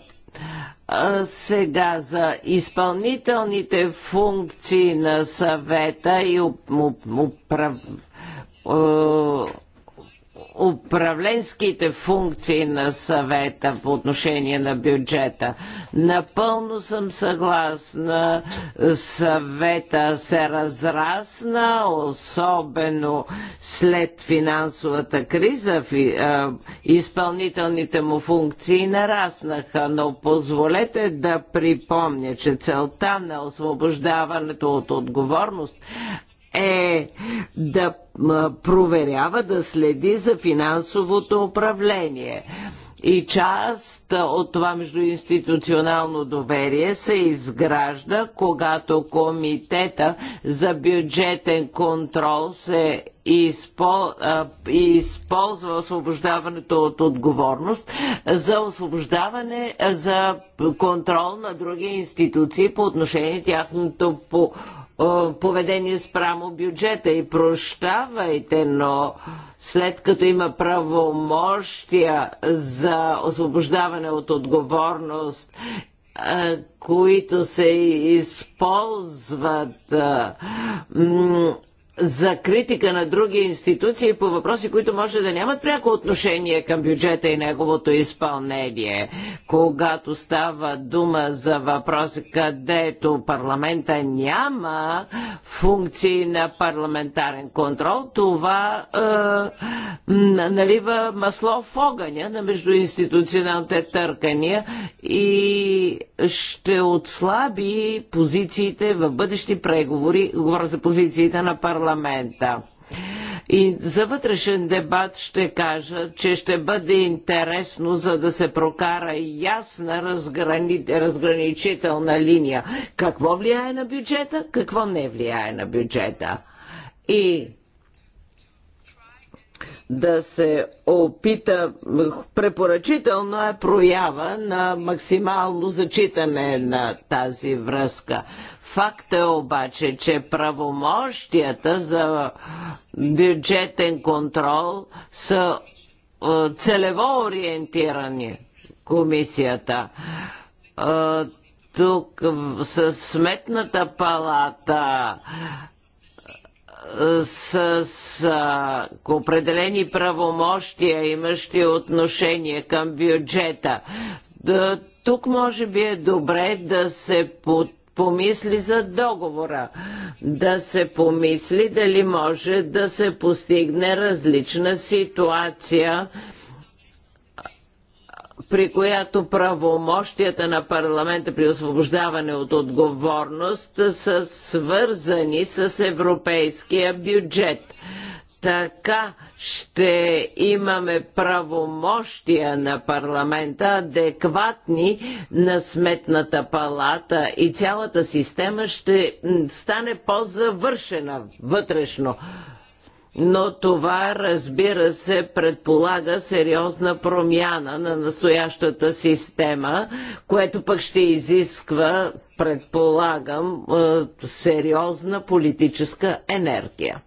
сега за изпълнителните функции на съвета и управлението управленските функции на съвета по отношение на бюджета. Напълно съм съгласна. Съвета се разрасна, особено след финансовата криза. Изпълнителните му функции нараснаха, но позволете да припомня, че целта на освобождаването от отговорност е да проверява, да следи за финансовото управление. И част от това междуинституционално доверие се изгражда, когато комитета за бюджетен контрол се използва освобождаването от отговорност за освобождаване за контрол на други институции по отношение тяхното по поведение спрямо бюджета и прощавайте, но след като има правомощия за освобождаване от отговорност, които се използват за критика на други институции по въпроси, които може да нямат пряко отношение към бюджета и неговото изпълнение. Когато става дума за въпроси, където парламента няма функции на парламентарен контрол, това е, налива масло в огъня на междуинституционалните търкания и ще отслаби позициите в бъдещи преговори, говоря за позициите на парламента парламента. И за вътрешен дебат ще кажа, че ще бъде интересно, за да се прокара ясна разграни... разграничителна линия. Какво влияе на бюджета, какво не влияе на бюджета. И да се опита, препоръчително е проява на максимално зачитане на тази връзка. Факт е обаче, че правомощията за бюджетен контрол са е, целево ориентирани комисията. Е, тук с сметната палата е, с, с а, определени правомощия, имащи отношение към бюджета. Да, тук може би е добре да се под помисли за договора, да се помисли дали може да се постигне различна ситуация, при която правомощията на парламента при освобождаване от отговорност са свързани с европейския бюджет. Така ще имаме правомощия на парламента, адекватни на сметната палата и цялата система ще стане по-завършена вътрешно. Но това, разбира се, предполага сериозна промяна на настоящата система, което пък ще изисква, предполагам, е, сериозна политическа енергия.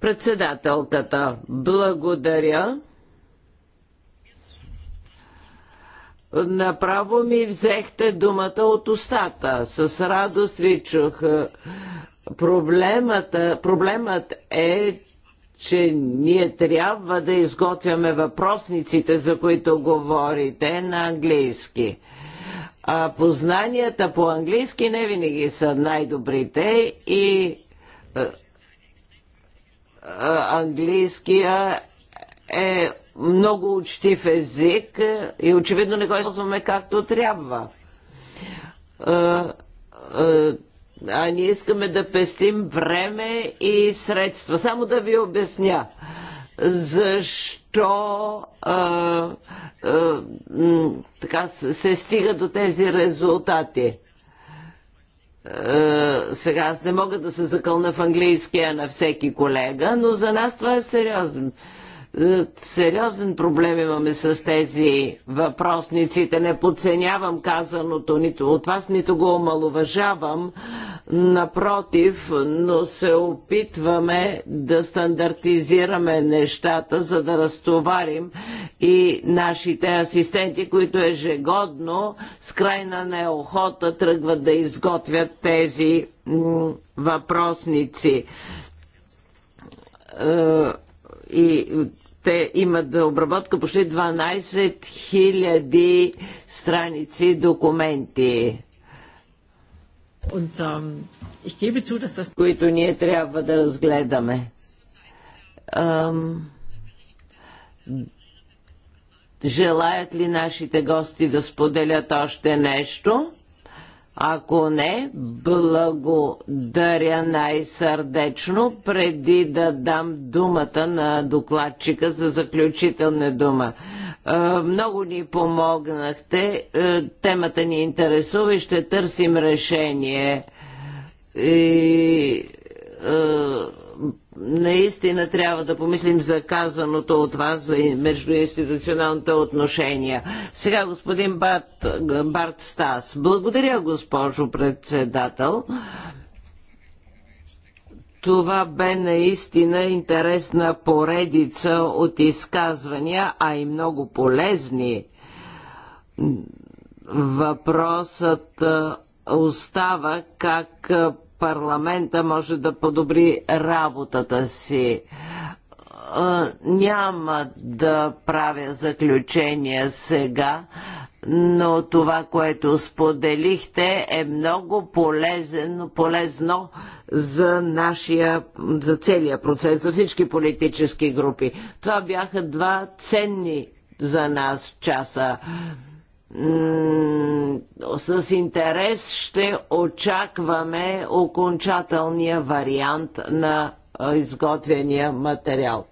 Председателката, благодаря. Направо ми взехте думата от устата. С радост ви чух. Проблемата, проблемът е, че ние трябва да изготвяме въпросниците, за които говорите, на английски. А познанията по английски не винаги са най-добрите и е, английския е много учтив език и очевидно не го използваме както трябва. А ние искаме да пестим време и средства. Само да ви обясня защо а, а, така се стига до тези резултати. А, сега аз не мога да се закълна в английския на всеки колега, но за нас това е сериозен. Е, сериозен проблем имаме с тези въпросниците. Не подценявам казаното нито от вас, нито го омалуважавам, Напротив, но се опитваме да стандартизираме нещата, за да разтоварим и нашите асистенти, които ежегодно с крайна неохота тръгват да изготвят тези въпросници. Е, и те имат да обработка почти 12 000 страници документи Ähm, които ние трябва да разгледаме. Ам... Желаят ли нашите гости да споделят още нещо? Ако не, благодаря най-сърдечно, преди да дам думата на докладчика за заключителна дума. Много ни помогнахте. Е, темата ни интересува и ще търсим решение. И е, наистина трябва да помислим за казаното от вас за междуинституционалните отношения. Сега господин Барт, Барт Стас. Благодаря, госпожо председател. Това бе наистина интересна поредица от изказвания, а и много полезни. Въпросът остава как парламента може да подобри работата си. Няма да правя заключения сега, но това, което споделихте, е много полезен, полезно за нашия, за целия процес, за всички политически групи. Това бяха два ценни за нас часа. С интерес ще очакваме окончателния вариант на изготвения материал.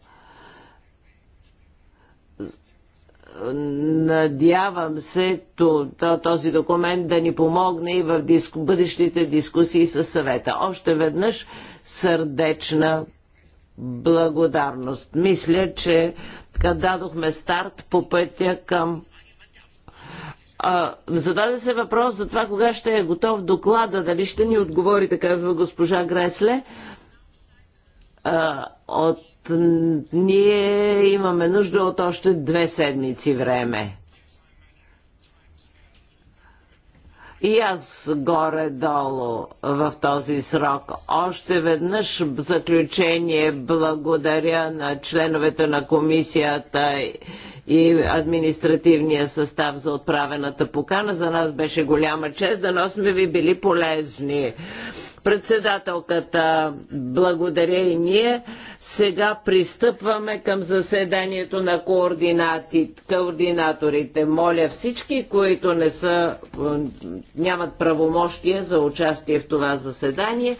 Надявам се този документ да ни помогне и в бъдещите дискусии с съвета. Още веднъж сърдечна благодарност. Мисля, че така дадохме старт по пътя към а, зададе се въпрос за това кога ще е готов доклада, дали ще ни отговорите, казва госпожа Гресле. А, от ние имаме нужда от още две седмици време. И аз горе-долу в този срок. Още веднъж в заключение благодаря на членовете на комисията и административния състав за отправената покана. За нас беше голяма чест, да но сме ви били полезни. Председателката, благодаря и ние. Сега пристъпваме към заседанието на координаторите. Моля всички, които не са, нямат правомощия за участие в това заседание,